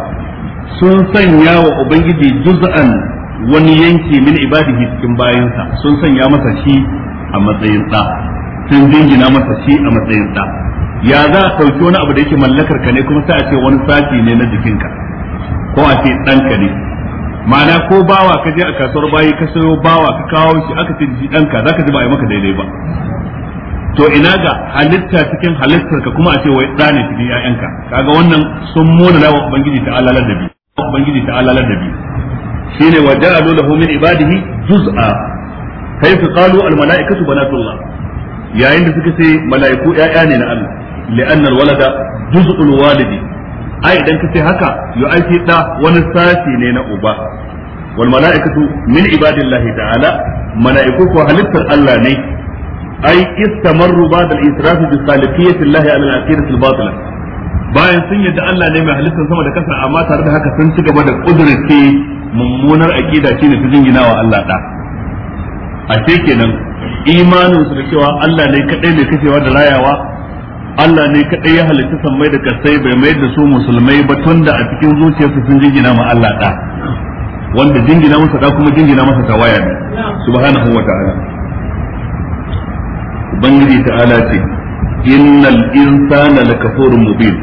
Speaker 1: سنسا يا وأبنجي جزءا wani yanki min ibadihi cikin bayansa sun sanya masa shi a matsayin da sun dingina masa shi a matsayin da ya za a sauki wani abu da yake mallakar ka ne kuma sai a ce wani sati ne na jikinka ko a ce ɗanka ne ma'ana ko bawa ka je a kasuwar bayi ka sayo bawa ka kawo shi aka ce ɗanka za ka ji ba a yi maka daidai ba to ina ga halitta cikin halittar ka kuma a ce wai ɗane cikin 'ya'yanka kaga wannan sun mona lawa ubangiji ta alala da bi ubangiji ta alala da bi shine wa ja'alu lahu min ibadihi juz'a kayfa qalu al mala'ikatu banatullah yayin da suka ce mala'iku ya'ya ne na Allah li'an al walada juz'ul walidi ai idan ka ce haka aiki da wani sashi ne na uba wal mala'ikatu min ibadillahi ta'ala mala'iku ko halittar Allah ne ai istamarru ba'da al israfi bi salifiyati Allah ala al aqidati al batila bayan sun yadda Allah ne mai halittar sama da kasa amma tare da haka sun ci gaba da kudurce mummunar aqida shine ta jingina wa Allah da a ce kenan imanin su da cewa Allah ne kadai ne kashewa da rayawa Allah ne kadai ya halitta sammai da kasai bai mayar da su musulmai ba tunda a cikin zuciyarsu sun jingina ma Allah da wanda jingina masa da kuma jingina masa tawaya ne subhanahu wa ta'ala ubangiji ta'ala ce innal insana lakafurun mubin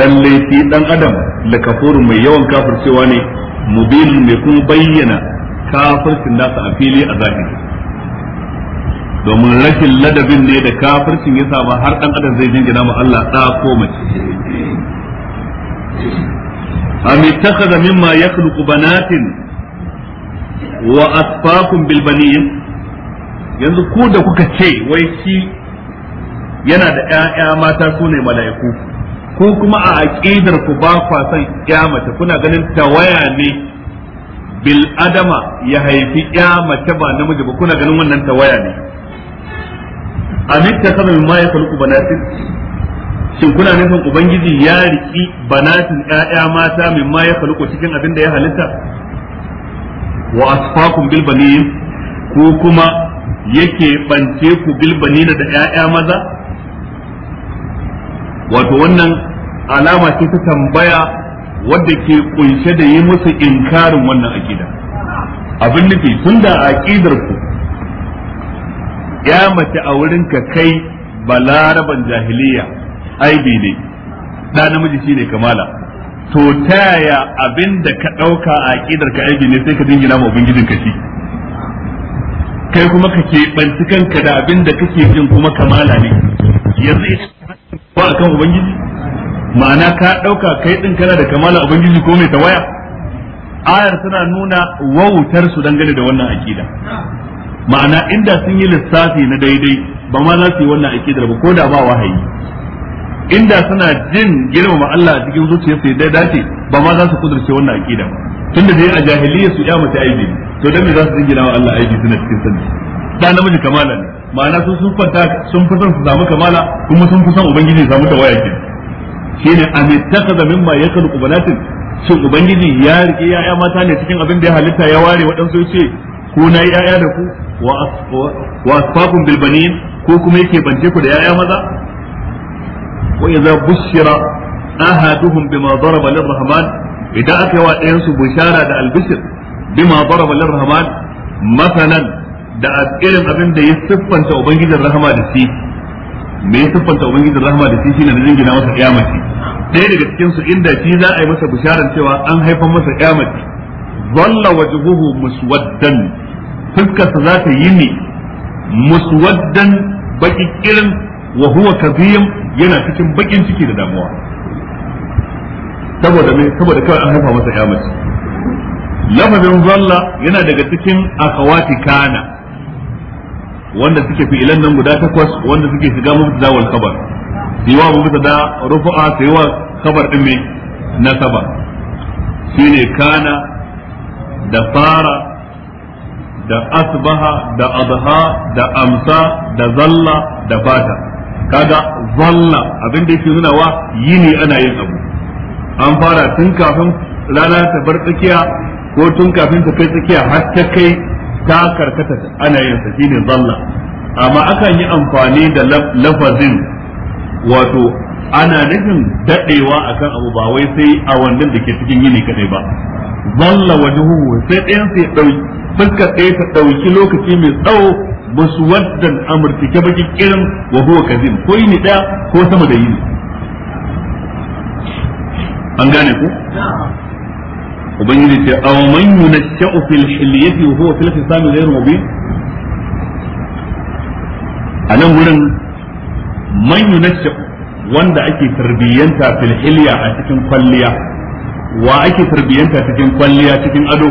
Speaker 1: lalle shi dan adam lakafurun mai yawan kafircewa ne mubin mai kuma bayyana kafircin nasa a fili a zahiri domin rashin ladabin ne da kafircin ya saba har dan adam zai jingina ma Allah da ko mace am ittakhadha mimma yakhluqu banatin wa asfaqum bil banin yanzu ku da kuka ce wai shi yana da ƴaƴa mata su ne mala'iku ko kuma a aƙidar ku ba kwa san mace kuna ganin tawaya ne bil adama ya haifi mace ba namiji ba kuna ganin wannan tawaya ne amitta sabal ma ya kulku banatin shin kuna nufin ubangiji ya riki banatin ƴaƴa mata min ma ya kulku cikin abin da ya halitta wa asfaqum bil banin ko kuma yake bance ku bil da ƴaƴa maza wato wannan alama ce ta tambaya wadda ke kunshe da yi musu inkarin wannan akida abin nufi tun da aqidar ku ya mace a wurin ka kai balaraban jahiliya aibi ne da namiji shi ne kamala to ta yaya abin da ka ɗauka a aqidar ka aibi ne sai ka dingina ma ubangijin ka shi kai kuma ka keɓanci kanka da abin da kake jin kuma kamala ne yanzu ko kan ubangiji ma'ana ka dauka kai din kana da kamala ubangiji ko mai tawaya ayar tana nuna wautar su dangane da wannan akida ma'ana inda sun yi lissafi na daidai ba ma za su yi wannan akidar ba ko da ba wahayi inda suna jin girmama Allah a cikin zuciyarsu dai dace ba ma za su kudurce wannan akida ba tunda dai a jahiliya su ya mace aibi to dan me za su jingina wa Allah aibi suna cikin sani da namiji kamala ne ma'ana sun sun kwanta sun fi son su samu kamala kuma sun fi son ubangiji ya samu tawaya ke shine am ittakhadha ya yakhluqu banatin shin ubangiji ya rike yaya mata ne cikin abin da ya halitta ya ware waɗansu ya ce ko na yi yaya da ku wa asfakun bil ko kuma yake bance ku da yaya maza wa idza bushira ahaduhum bima daraba lirrahman idan aka yi wa ɗayansu su bushara da albishir bima daraba lirrahman masalan da irin abin da ya siffanta ubangijin rahama da shi me ya siffanta ubangijin rahama da shi shine da jingina masa kiyamati ɗaya daga cikin su inda shi za a yi masa bisharar cewa an haifan masa kiyamati Zalla wajhuhu muswaddan fuskarsa za ta yi ne muswaddan baki kirin wa huwa kadhim yana cikin bakin ciki da damuwa saboda me saboda kawai an haifa masa kiyamati lafazin zalla yana daga cikin akawati kana wanda suke fi'ilan nan guda takwas wanda suke shiga mubtada wal khabar siwa da rufa'a siwa khabar din me nasaba shine kana da fara da asbaha da adha da amsa da zalla da fata kaga zalla abin da yake nuna wa yini ana yin abu an fara tun kafin rana ta bar tsakiya ko tun kafin ta kai tsakiya har ta kai ta karkata ana yin sa shine zalla amma akan yi amfani da lafazin wato ana nufin dadewa akan abu ba wai sai a wannan da ke cikin yini kadai ba zalla wajhuhu sai ɗayan sai dau fuskar ɗaya ta dauki lokaci mai tsawo muswaddan amurtike baki kirin wa huwa kazim ko yini ɗaya ko sama da yini an gane ku ubangiji ce aw man yunashsha'u fil hilyati wa huwa fil khisami ghayr mubin anan wurin man yunashsha'u wanda ake tarbiyyanta fil hilya a cikin kwalliya wa ake tarbiyyanta cikin kwalliya cikin ado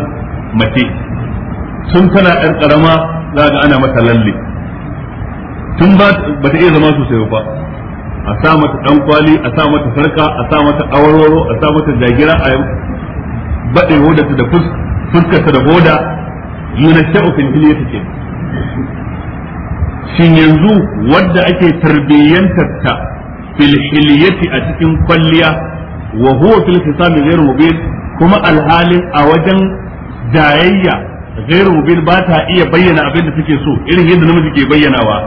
Speaker 1: mace sun tana dan karama za ga ana mata lalle tun ba ta iya zama sosai ba a sa mata ɗan kwali a sa mata sarka a sa mata awarwaro a sa mata jagira a wadda su da fuskar da hoda yunashau fil hilyati take shin yanzu wadda ake tarbiyyantar ta a cikin kwalliya wa huwa fil hisabi ghairu mubin kuma alhalin a wajen dayayya ghairu mubin ba ta iya bayyana abin da take so irin yadda namiji ke bayyanawa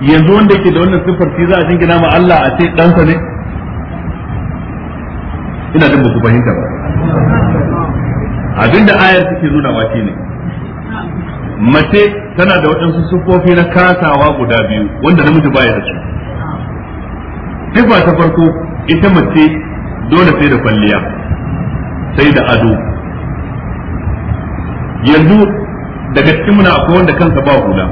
Speaker 1: yanzu wanda yake da wannan siffar shi za a jingina ma Allah a ce ɗansa ne ina jin ba ku fahimta ba abinda ayar take nuna wa ne. mace tana da waɗansu sufofi na kasawa guda biyu wanda namiji baya da su sifa ta farko ita mace dole sai da kwalliya sai da ado yanzu daga cikin muna akwai wanda kansa ba hula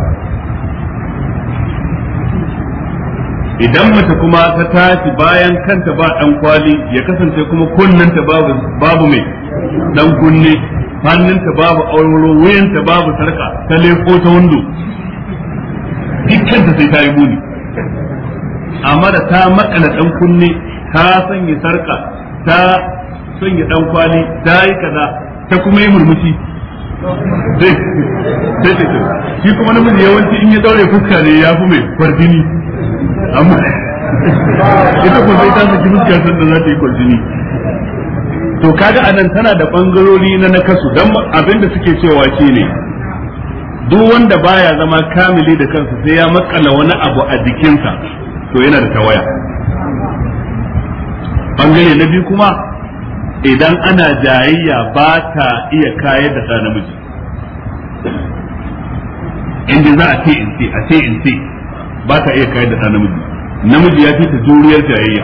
Speaker 1: idan mace kuma ta tashi bayan kanta ba dan kwali ya kasance kuma kunnanta babu babu mai dan kunne hannunta babu auroro wuyanta babu sarka ta lefo ta wando dukkanta sai ta yi buni amma da ta makala dan kunne ta sanya sarka ta sanya dan kwali ta yi kaza ta kuma yi murmushi sai shi kuma namiji yawanci in ya daure fuska ne ya fi mai kwardini amma ita kuma sai ta saki fuska sanda za ta yi kwaljini to kaga anan tana da bangarori na nakasu dan abinda suke cewa ne duk wanda baya zama kamili da kansa sai ya makala wani abu a jikinsa to yana da tawaya bangare na biyu kuma idan ana jayayya ba ta iya kayar da ta namiji inda za a ce in ce a ce in ce ba ta iya kayar da ta namiji namiji ya fi ta juriyar jayayya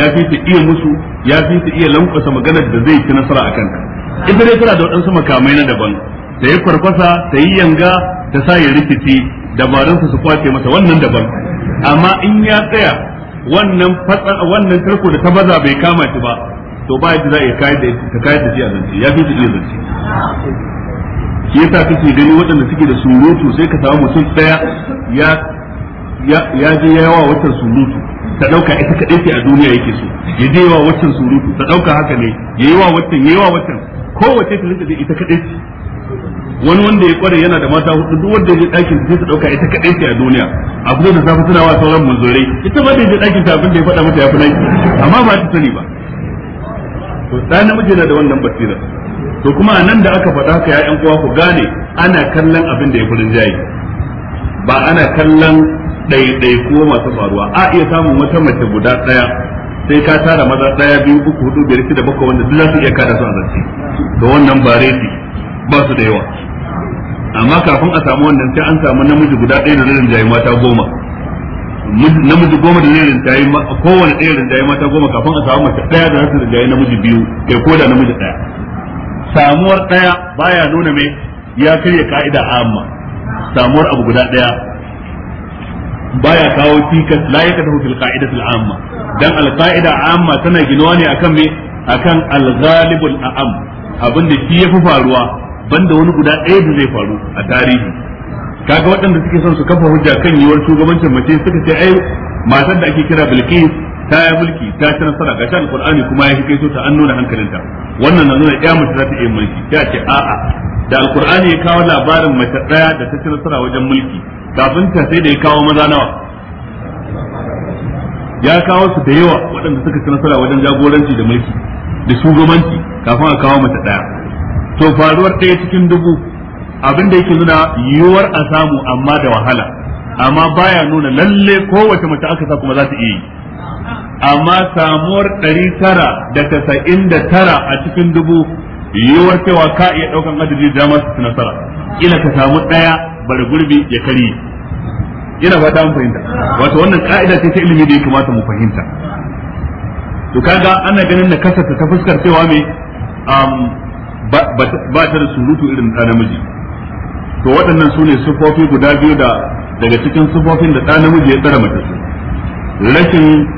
Speaker 1: ya fi ta iya musu ya fi ta iya lankwasa maganar da zai ci nasara a kanta ita dai tana da waɗansu makamai na daban ta yi kwarkwasa ta yi yanga ta sa ya rikici dabarunsa su kwace masa wannan daban amma in ya tsaya wannan fatsa wannan tarko da ta baza bai kama shi ba to ba yadda za a kayar da ta kayar da shi a zance ya fi ta iya zance shi yasa kake gani waɗanda suke da surutu sai ka samu mutum ɗaya ya ya je ya yawa watan surutu ta dauka ita kadai ce a duniya yake so ya je yawa watan surutu ta dauka haka ne ya yi wa watan ya yi wa watan wace ta rinka ita kadai ce wani wanda ya kware yana da mata hudu duk wanda ya je dakin sai ta dauka ita kadai ce a duniya abu da zafi tana wa sauran munzurai ita ba da ya je dakin ta abin da ya faɗa mata ya fi naki amma ba ta sani ba to na namiji yana da wannan basira to kuma a nan da aka faɗa haka ya ƴan uwa ku gane ana kallon abin da ya fi rinjaye ba ana kallon ɗaiɗaiku masu faruwa a iya samun wata mace guda ɗaya sai ka tara maza ɗaya biyu uku hudu biyar shida bakwai wanda duk za su iya kada su a zance ga wannan ba ba su da yawa amma kafin a samu wannan sai an samu namiji guda ɗaya da zai jayi mata goma namiji goma da zai rinjayi kowane ɗaya jayi mata goma kafin a samu mace ɗaya da za su namiji biyu kai ko da namiji ɗaya samuwar ɗaya baya nuna mai ya karya ka'ida amma samuwar abu guda ɗaya baya kawo tikas la ya kadahu fil qa'idati al amma dan al qa'ida amma tana ginuwa ne akan me akan al ghalibul am abinda shi yafi faruwa banda wani guda ɗaya da zai faru a tarihi kaga waɗanda suke son su kafa hujja kan yiwuwar shugabancin mace suka ce ai matan da ake kira bilqis ta yi mulki ta ci nasara ga shan alqur'ani kuma ya kai so ta an nuna hankalinta wannan na nuna ya mace za ta iya mulki ta ce a'a da alqur'ani ya kawo labarin mace ɗaya da ta ci nasara wajen mulki kafin ta sai da ya kawo maza nawa ya kawo su da yawa waɗanda suka ci nasara wajen jagoranci da mulki da shugabanci kafin a kawo mace ɗaya to faruwar ɗaya cikin dubu abin da yake nuna yiwuwar a samu amma da wahala amma baya nuna lalle kowace mace aka sa kuma za ta iya yi amma samuwar ɗari tara da tasa'in da tara a cikin dubu yiwuwar cewa ka iya ɗaukan adadi da dama su nasara ila ka samu ɗaya bari gurbi ya karye ina ta mun fahimta wato wannan ka'ida ce ta ilimi da ya kamata mu fahimta to kaga ana ganin kasata ta fuskar cewa me um, ba ta da surutu irin ɗa namiji to waɗannan su ne sufofi guda biyu da daga cikin sufofin da ɗa namiji ya tsara mace su rashin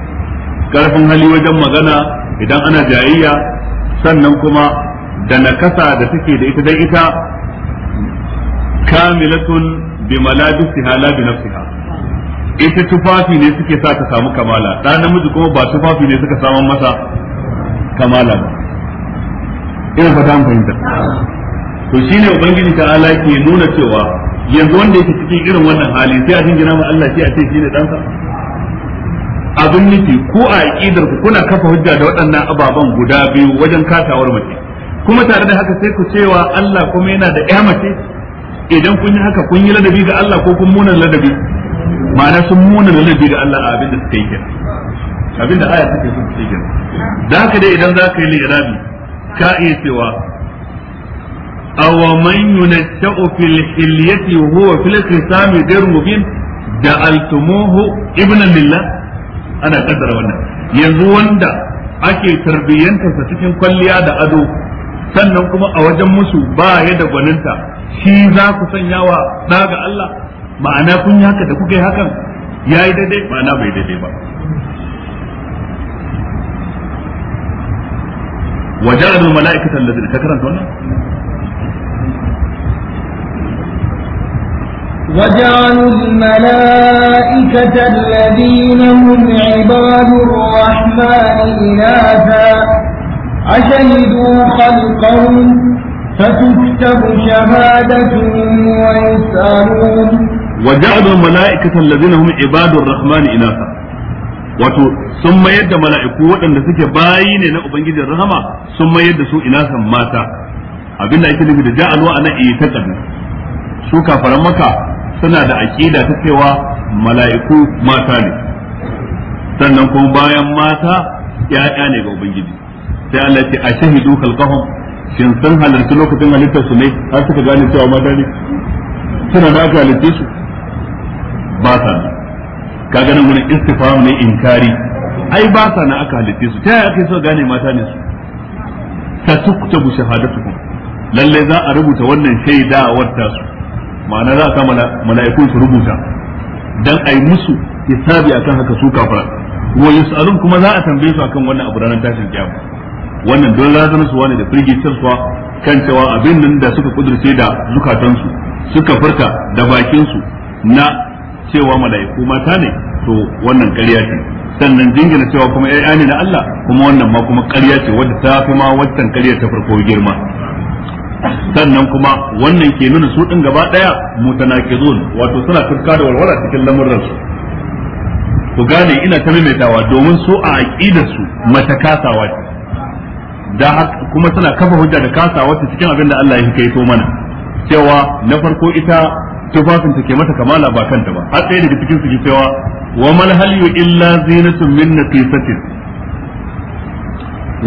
Speaker 1: ƙarfin hali wajen magana idan ana jayayya sannan kuma da nakasa da take da ita dai ita kamilatun bi malabisiha la bi nafsiha ita tufafi ne suke sa ta samu kamala Da namiji kuma ba tufafi ne suka samu masa kamala ba ina fata an fahimta to shine ubangiji ta ala ke nuna cewa yanzu wanda yake cikin irin wannan hali sai a jingina ma Allah sai a ce shine
Speaker 3: sa
Speaker 1: abin nufi ko a aqidar ku kuna kafa hujja da waɗannan ababan guda biyu wajen katawar mace kuma tare da haka sai ku cewa Allah kuma yana da ƴa mace idan kun yi haka kun yi ladabi ga Allah ko kun muna ladabi ma'ana sun muna ladabi ga Allah a abin da suka yi kenan abin da aya take sun ce kenan dan haka dai idan za ka yi lirabi ka iya cewa aw man yunatta'u fil hilyati wa huwa fil khisami dir mubin ja'altumuhu ibna lillah ana kaddara wannan yanzu wanda ake tarbiyyantarsa cikin kwalliya da ado sannan kuma a wajen musu ba ya da gwaninta shi za ku sanya wa ɗa ga Allah ma'ana kun yi haka da kuka yi hakan ya yi daidai ma'ana bai daidai ba wajen alul mala'ikatan lazina ta karanta wannan
Speaker 2: وجعلوا الملائكة الذين هم عباد الرحمن إناثا أشهدوا خلقهم فتكتب شهادة ويسألون
Speaker 1: وجعلوا الملائكة الذين هم عباد الرحمن إناثا wato sun mayar da mala'iku waɗanda suke bayi ne na ubangijin rahama sun mayar da su inasan mata abinda ake nufi da ja'alu ana iya ta su kafaran maka suna da aƙida ta cewa mala'iku mata ne sannan kuma bayan mata ya'ya ne ga ubangiji sai Allah ce a shahidu khalqahum shin sun halarci lokacin halittar su ne har suka gane cewa mata ne suna da aka halitte su ba sa na Ka ganin wani istifam ne inkari ai ba sa na aka halitte su ta yaya aka yi suka gane mata ne su ta shahadatu ku lalle za a rubuta wannan shaida a ta su ma'ana za a sa mala'ikun su rubuta dan ai musu hisabi akan haka su kafara wa yus'alun kuma za a tambaye su akan wannan abu ranar tashin kiyama wannan don razanarsuwa ne da firgitarsuwa kan cewa abin nan da suka kudurce da zukatansu suka furta da bakinsu na cewa mala'iku mata ne to wannan ƙarya ce sannan jingina cewa kuma ƴaƴa ne na Allah kuma wannan ma kuma ƙarya ce wadda ta fi ma watan ƙarya ta farko girma sannan kuma wannan ke nuna su din gaba daya mutanakizun wato suna turka da walwala cikin lamurran su ku gane ina ta maimaitawa domin su a aqidar su matakasawa ce da kuma suna kafa hujja da kasa wata cikin abin da Allah ya yi so mana cewa na farko ita tufafin take mata kamala ba kanta ba har ɗaya daga cikin su ke cewa wa mal halyu illa zinatun min naqisatin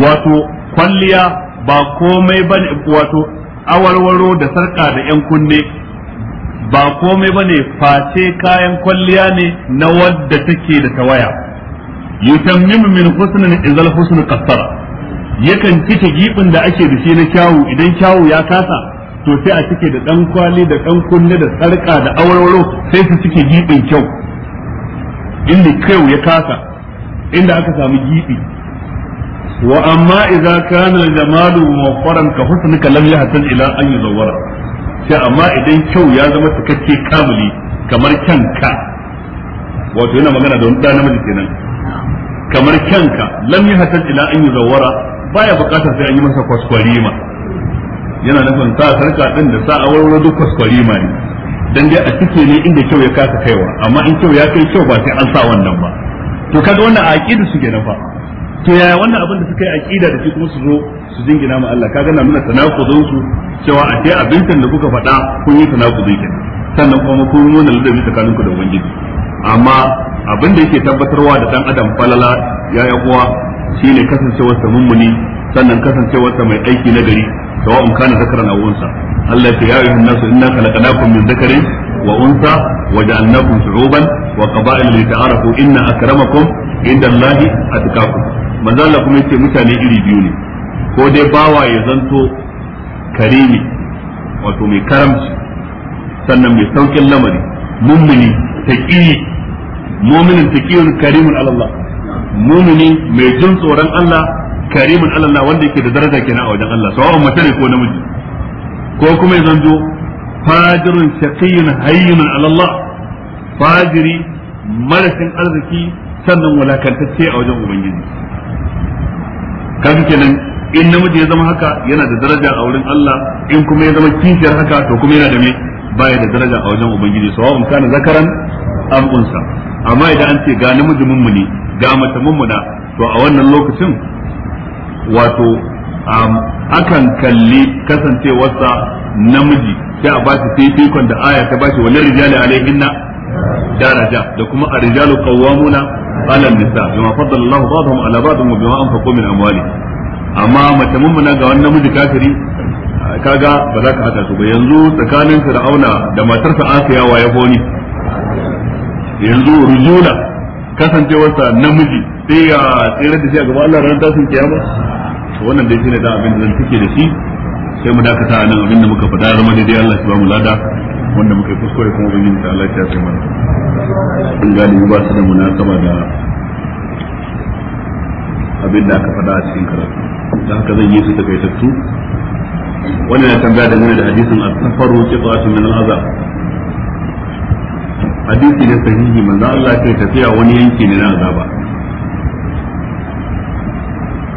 Speaker 1: wato kwalliya ba komai bane wato awarwaro da sarka da yan kunne ba komai bane face kayan kwalliya ne na wadda take da tawaya yutammimu min husnin idzal husnu qassara yakan kike gibin da ake da shi na kyawu idan kyawu ya kasa to sai a cike da dan kwali da dan kunne da sarka da awarwaro sai su cike gibin kyau inda kyau ya kasa inda aka samu gibi wa amma idza kana al-jamalu muwaffaran ka husnuka lam yahtaj ila an yuzawwara sai amma idan kyau ya zama cikakke kamuli kamar kanka wato yana magana da wani namiji kenan kamar kanka lam yahtaj ila an yuzawwara baya bukatar sai an yi masa kwaskwarima yana nufin sa sarka din da sa awarwaro duk kwaskwarima ne dan dai a cike ne inda kyau ya kasa kaiwa amma in kyau ya kai kyau ba sai an sa wannan ba to kaga wannan aqida su nafa. to yaya wannan abin da suka yi aqida da shi kuma su zo su jingina ma Allah kaga na nuna tanakuzun su cewa a abincin da kuka faɗa kun yi tanakuzun kenan sannan kuma kun nuna ladabi tsakaninku da ubangiji amma abin da yake tabbatarwa da dan adam falala ya yi uwa shine kasancewar sa mummuni sannan kasancewar sa mai aiki na gari sawa'un kana zakaran aw unsa Allah ya ya ayyuhan nasu inna khalaqnakum min zakarin wa unsa waja'alnakum shu'uban wa qaba'ila lita'arafu inna akramakum inda Allah atqakum manzo Allah kuma yace mutane iri biyu ne ko dai bawa ya zanto karimi wato mai karamci sannan mai saukin lamari mummuni taqi mu'minin taqiyun karimun ala Allah mumini mai jin tsoron Allah karimin Allah wanda yake da daraja kenan a wajen Allah sawa mace ne ko namiji ko kuma ya zanto fajirun shaqiyyun hayyun ala Allah fajiri marasin arziki sannan walakantacce a wajen ubangiji kaga kenan in namiji ya zama haka yana da daraja a wurin Allah in kuma ya zama kishiyar haka to kuma yana da me baya da daraja a wajen ubangiji sawa'un kana zakaran am unsa amma idan an ce ga namiji mummuni ga mace mummuna to a wannan lokacin wato um, akan kalli kasancewarsa namiji sai a bashi fifikon da aya ta bashi wani rijali na daraja da kuma arrijalu qawwamuna ala nisa bima faddala ba'dahum ala ba'din wa bima anfaqu min amwalihim amma mace mummuna ga wannan namiji kafiri kaga ba za ka hada su ba yanzu tsakanin fir'auna da matarsa aka yawa ya boni yanzu rujula kasancewarsa namiji sai ya tsere da shi a gaba Allah ranar tashin kiyama wannan dai shine da abin da zan take da shi sai mu dakata nan abin da muka faɗa zama dai Allah ya ba mu lada wanda muka yi kuskure kuma ubangiji ta Allah ya sai mana in galibi ba su da munasaba da abin da aka faɗa a cikin karatu da haka zan yi su takaitattu wannan ya tambaya dangane da hadisin as-safaru qita'atun min al-azab hadisi ne sahihi manzo Allah ce tafiya wani yanki ne na azaba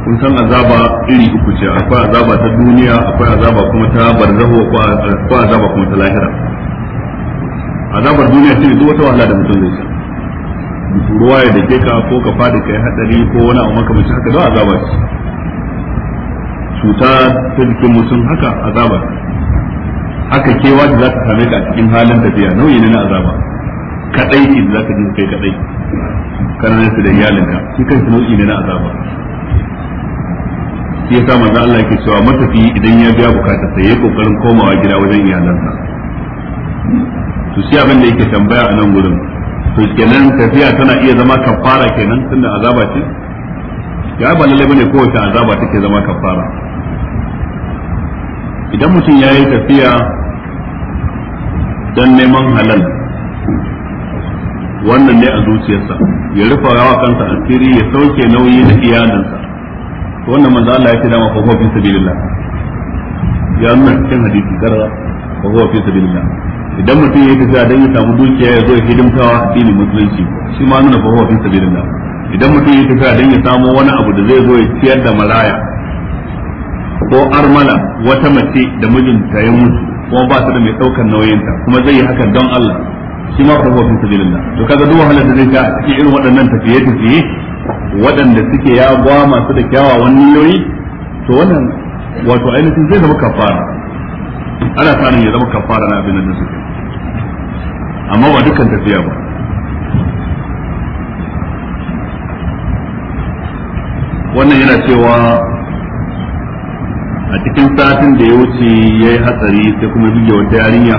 Speaker 1: kun san azaba iri uku ce akwai azaba ta duniya akwai azaba kuma ta barzaho akwai azaba kuma ta lahira azabar duniya ce duk wata wahala da mutum zai sha ruwa ya dake ka ko ka fadi kai hadari ko wani abu makamancin haka da azaba ce cuta ta jikin mutum haka azaba haka kewa da za ka same ka a cikin halin tafiya nauyi ne na azaba kadai ki ka ji kai kadai kana su da iyalinka shi kansa nau'i ne na azaba shi yasa manzo Allah yake cewa matafi idan ya biya bukata sai ya kokarin komawa gida wajen iyalansa to shi abin da yake tambaya a nan gurin to kenan tafiya tana iya zama kafara kenan tunda azaba ce ya ba lalle bane kowace azaba take zama kafara idan mutum ya yi tafiya don neman halal wannan ne a zuciyarsa ya rufa rawa kansa asiri ya sauke nauyi na iyalinsa wannan manzo Allah ya ce dama fa fi sabilillah ya nuna cikin hadisi karara fa huwa fi sabilillah idan mutum ya tafi dan ya samu dukiya ya zo ya hidimtawa addinin musulunci shi ma nuna fa huwa fi sabilillah idan mutum ya tafi dan ya samu wani abu da zai zo ya ciyar da maraya ko armala wata mace da mijinta ya mutu kuma ba ta da mai daukar nauyinta kuma zai yi hakan don Allah shi ma fa fi sabilillah to kaga duk wahalar da zai sha a cikin irin waɗannan tafiye tafiye waɗanda suke ya gwa masu da kyawawan niyoyi to wannan wato ainihin zai zama kafara ana sanin ya zama kafara na abin da suke amma ba dukkan tafiya ba wannan yana cewa a cikin satin da ya wuce ya yi hatsari sai kuma bige wata yarinya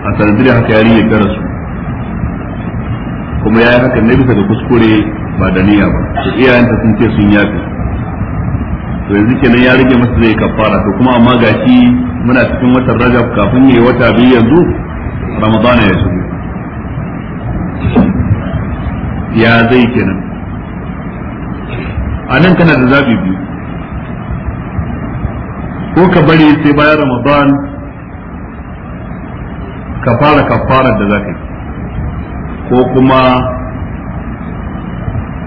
Speaker 1: a sanadiyar haka yari ya gara su kuma ya yi haka ne bisa da kuskure ba da niyya ba to iyayenta sun ce sun yafi to yanzu kenan ya rage masa zai kafara to kuma amma gashi muna cikin watan rajab kafin ya yi wata biyu yanzu ramadana ya shigo ya zai kenan a nan kana da zabi biyu ko ka bari sai bayan ramadan ka fara kafarar da zakai yi ko kuma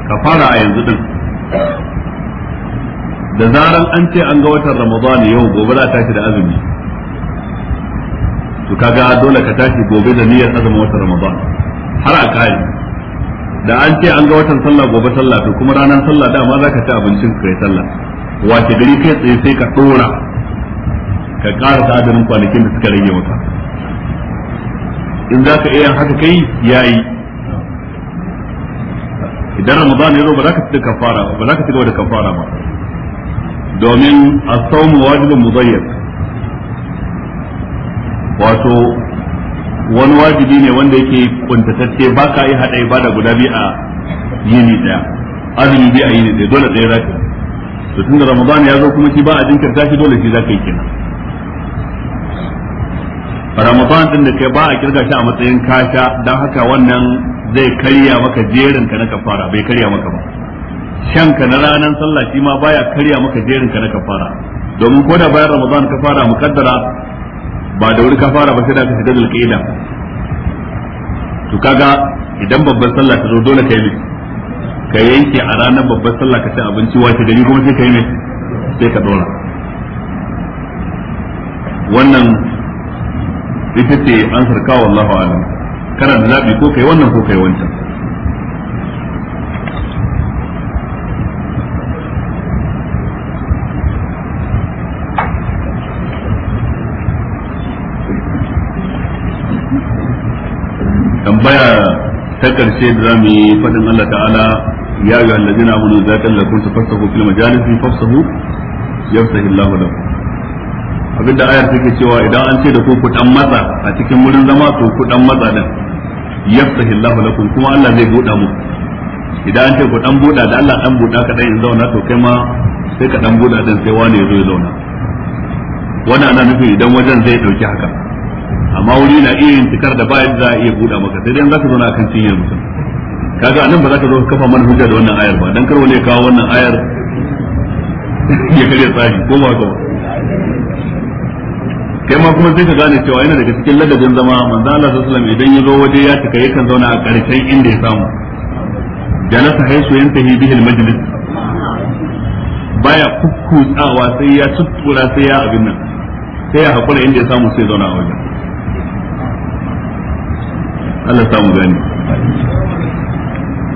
Speaker 1: ka fara a yanzu din da zaran an ce an ga watan ramadan yau gobe za tashi da azumi to kaga dole ka tashi gobe da niyyar azumin watan ramadan har a kai da an ce an ga watan sallah gobe sallah to kuma ranar sallah dama za ka ci abincin ka yi sallah wace gari kai tsaye sai ka dora ka ƙara adadin kwanakin da suka rage maka in za ka iya haka kai ya yi. idan ramadan ya zo ba za ka ci kafara ba za ka ci gaba da kafara ba domin as-sawmu wajibun mudayyad wato wani wajibi ne wanda yake kuntatacce ba ka yi hada ibada guda biyu a yini ɗaya. azumi biyu a yini daya dole ɗaya za ka to da ramadan ya zo kuma shi ba a jinkirta shi dole shi za ka yi kenan ramadan din da kai ba a kirga shi a matsayin kasha don haka wannan zai karya maka jerin ka na kafara bai karya maka ba shan ka na ranar sallah shi ma baya karya maka jerin ka na kafara domin ko da bayan ramadan ka fara mukaddara ba da wuri ka fara ba sai da ka shiga zulqa'ida to kaga idan babbar sallah ta zo dole kai ka yanke a ranar babbar sallah ka ci abinci wace gari kuma sai kai ne sai ka dora wannan ita ce an sarka wallahu alam kana da zabi ko kai wannan ko kai wancan tambaya ta karshe da zamu yi fadin Allah ta'ala ya ga ayyuhallazina amanu idza kallakum tafassahu fil majalisi fafsahu yafsahu Allahu lakum abinda ayar take cewa idan an ce da ku ku dan matsa a cikin wurin zama to ku dan matsa din Allahu lakum kuma Allah zai buɗa mu idan an ce ku dan buɗa da Allah dan buɗa ka dan in zauna to kai ma sai ka dan buɗa din sai wani ya zo ya zauna wannan ana nufi idan wajen zai dauki haka amma wuri na iya yin tikar da bayan za a iya buɗa maka sai dai za ka zauna kan cinyar mutum kaga anan ba za ka zo ka kafa mana hujja da wannan ayar ba dan kar wani ya kawo wannan ayar ya kare tsari ko ba ko kai ma kuma sai ka gane cewa yana daga cikin ladabin zama manzo Allah sallallahu alaihi wasallam idan ya zo waje ya tuka yakan zauna a karshen inda ya samu jalasa haisu yantahi bihi al-majlis baya kukkutsawa sai ya tuttura sai ya abin nan sai ya hakura inda ya samu sai zauna a wajen Allah samu gani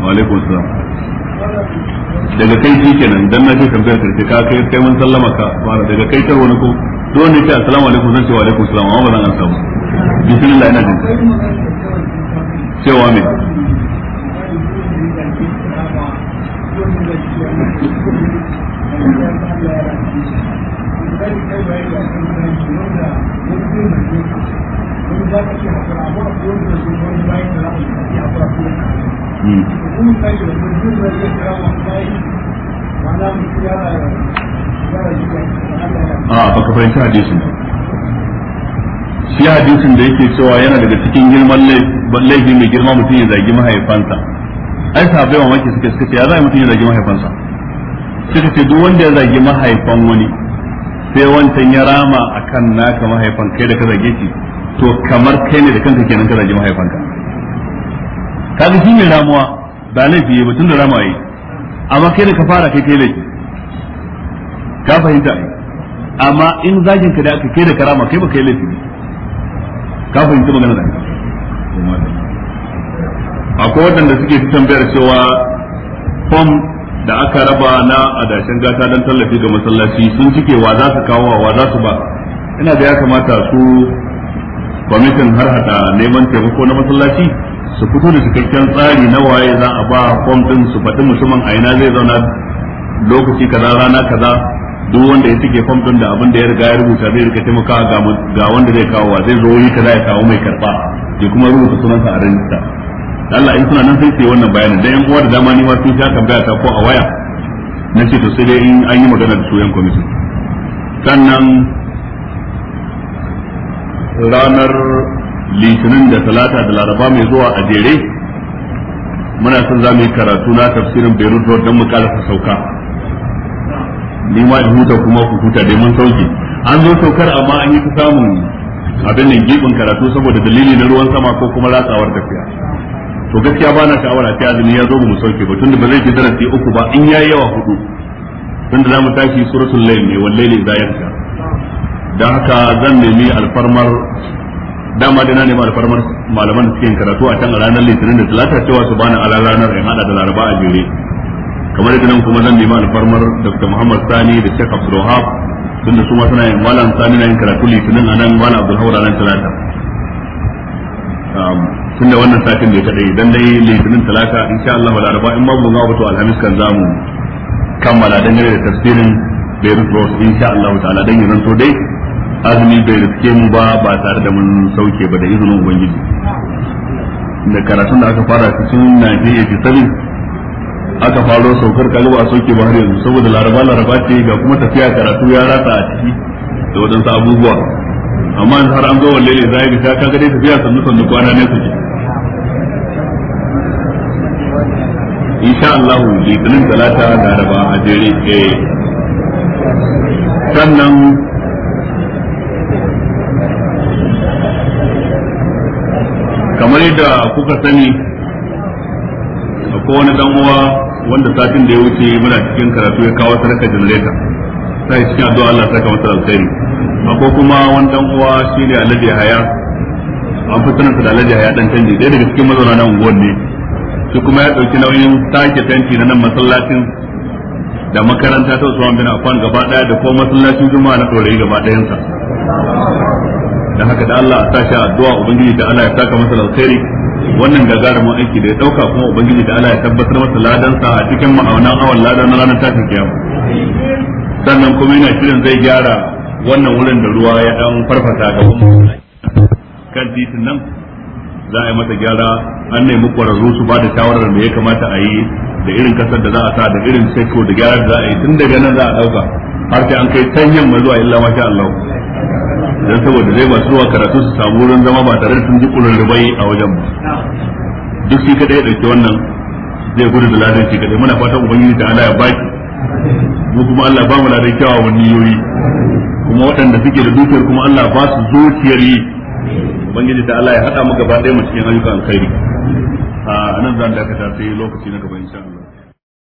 Speaker 1: wa alaikum assalam daga kai shi kenan dan na ji tambayar ka kai kai mun sallama ka fara daga kai tarwa wani ko duk wanda yake assalamu alaikum zan ce wa alaikum salam amma ba zan amsa ba bismillah ina jin
Speaker 3: cewa me hmm. Hmm. a
Speaker 1: baka fahimci hadisin shi hadisin da yake cewa yana daga cikin girman laifi mai girma mutum ya zagi mahaifansa ai sahabbai mamaki suka suka ce ya yi mutum ya zagi mahaifansa suka ce duk wanda ya zagi mahaifan wani sai wancan ya rama akan naka mahaifan kai da ka zage shi to kamar kai ne da kanka kenan ka zagi mahaifanka kaga shi mai ramuwa ba laifi ba tun da rama yi amma kai da ka fara kai kai laifi ka fahimta ai amma in zagin ka da aka kai da karama kai ba kai laifi ka fahimta magana da akwai waɗanda suke fi tambayar cewa fom da aka raba na adashin gata don tallafi ga masallaci sun cike wa za su kawo wa za su ba ina da ya kamata su kwamitin har hada neman taimako na masallaci su fito da cikakken tsari na waye za a ba fom din su faɗi musamman a ina zai zauna lokaci kaza rana kaza duk wanda ya tike fom da abin da ya riga ya rubuta zai rika taimaka ga ga wanda zai kawo wa zai zo yi za ya kawo mai karba ya kuma rubuta sa a rajista Allah in suna nan sai sai wannan bayanin dan yan uwa da dama ni ma sun sha tambaya ta ko a waya na ce to sai dai in an yi magana da su yan sannan ranar litinin da talata da laraba mai zuwa a jere muna son za mu yi karatu na tafsirin beirut don mu karasa sauka ni ma in huta kuma ku huta dai mun sauke an zo saukar amma an yi ta samun abin nan gibin karatu saboda dalili na ruwan sama ko kuma ratsawar tafiya to gaskiya bana sha'awar a ta azumi ya zo mu sauke ba tunda ba zai ci darasi uku ba in yayi yawa hudu tunda zamu tashi suratul layl ne wallahi ne zayar yanka. dan haka zan nemi alfarmar dama dai na nemi alfarmar malaman da suke karatu a can a ranar litinin da talata cewa su bani a ranar in hada da laraba a jere kamar da nan kuma zan nemi alfarmar Dr. Muhammad Sani da Sheikh Abdul Wahab tunda su ma suna yin malam Sani na yin karatu litinin a nan malam Abdul Hawar nan talata um, da wannan satin da kadai dan dai litinin talata insha Allah wal arba in ma mun ga wato alhamis kan zamu kammala dan da tafsirin Beirut Rose insha Allah ta'ala dan yanzu to dai azumi bai riske mu ba ba tare da mun sauke ba da izinin ubangiji da karatun da aka fara cikin Najeriya fi sabin. aka faro saukar kalu a soke ba har yanzu saboda laraba laraba ce ga kuma tafiya karatu ya rasa a ciki da waɗansu abubuwa amma yanzu har an zo wa ne za ga ka ga dai tafiya sannu sannu kwana ne su insha Allah litinin talata laraba a jere ke. Eh. sannan kamar yadda kuka sani akwai wani dan uwa wanda satin da ya wuce muna cikin karatu ya kawo sadaka janareta sai cikin addu'a Allah saka masa alkhairi akwai kuma wani dan uwa shine Alhaji Haya an fi sanin da Alhaji Haya dan canji dai daga cikin mazauna nan unguwar ne shi kuma ya dauki nauyin sake tanki na nan masallacin da makaranta ta Usman bin Affan gaba daya da kuma masallacin Juma'a na Dorayi gaba sa dan haka da Allah sa sha addu'a ubangiji da Allah ya saka masa alkhairi wannan gagarumin aiki da ya dauka kuma ubangiji da Allah ya tabbatar masa ladansa a cikin ma'aunan awan ladan na ranar tashin kiyama sannan kuma yana shirin zai gyara wannan wurin da ruwa ya dan farfasa ga kan titin nan za a yi mata gyara an nemi kwararru su ba da shawarar da ya kamata a yi da irin kasar da za a sa da irin seko da gyara da za a yi tun daga nan za a dauka har sai an kai can yamma zuwa illa masha Allah don saboda zai masu zuwa karatu su samu wurin zama ba tare da sun ji kururrubai a wajen ba duk shi kadai ya dauki wannan zai gudu da ladan shi kadai muna fatan ubangiji ta ala ya baki mu kuma Allah ba mu ladan wani yoyi kuma waɗanda suke da dukiyar kuma Allah ba su zuciyar yi ubangiji ta ala ya hada mu gaba ɗaya mu cikin ayyukan alkhairi a nan zan dakata sai lokaci na gaba insha Allah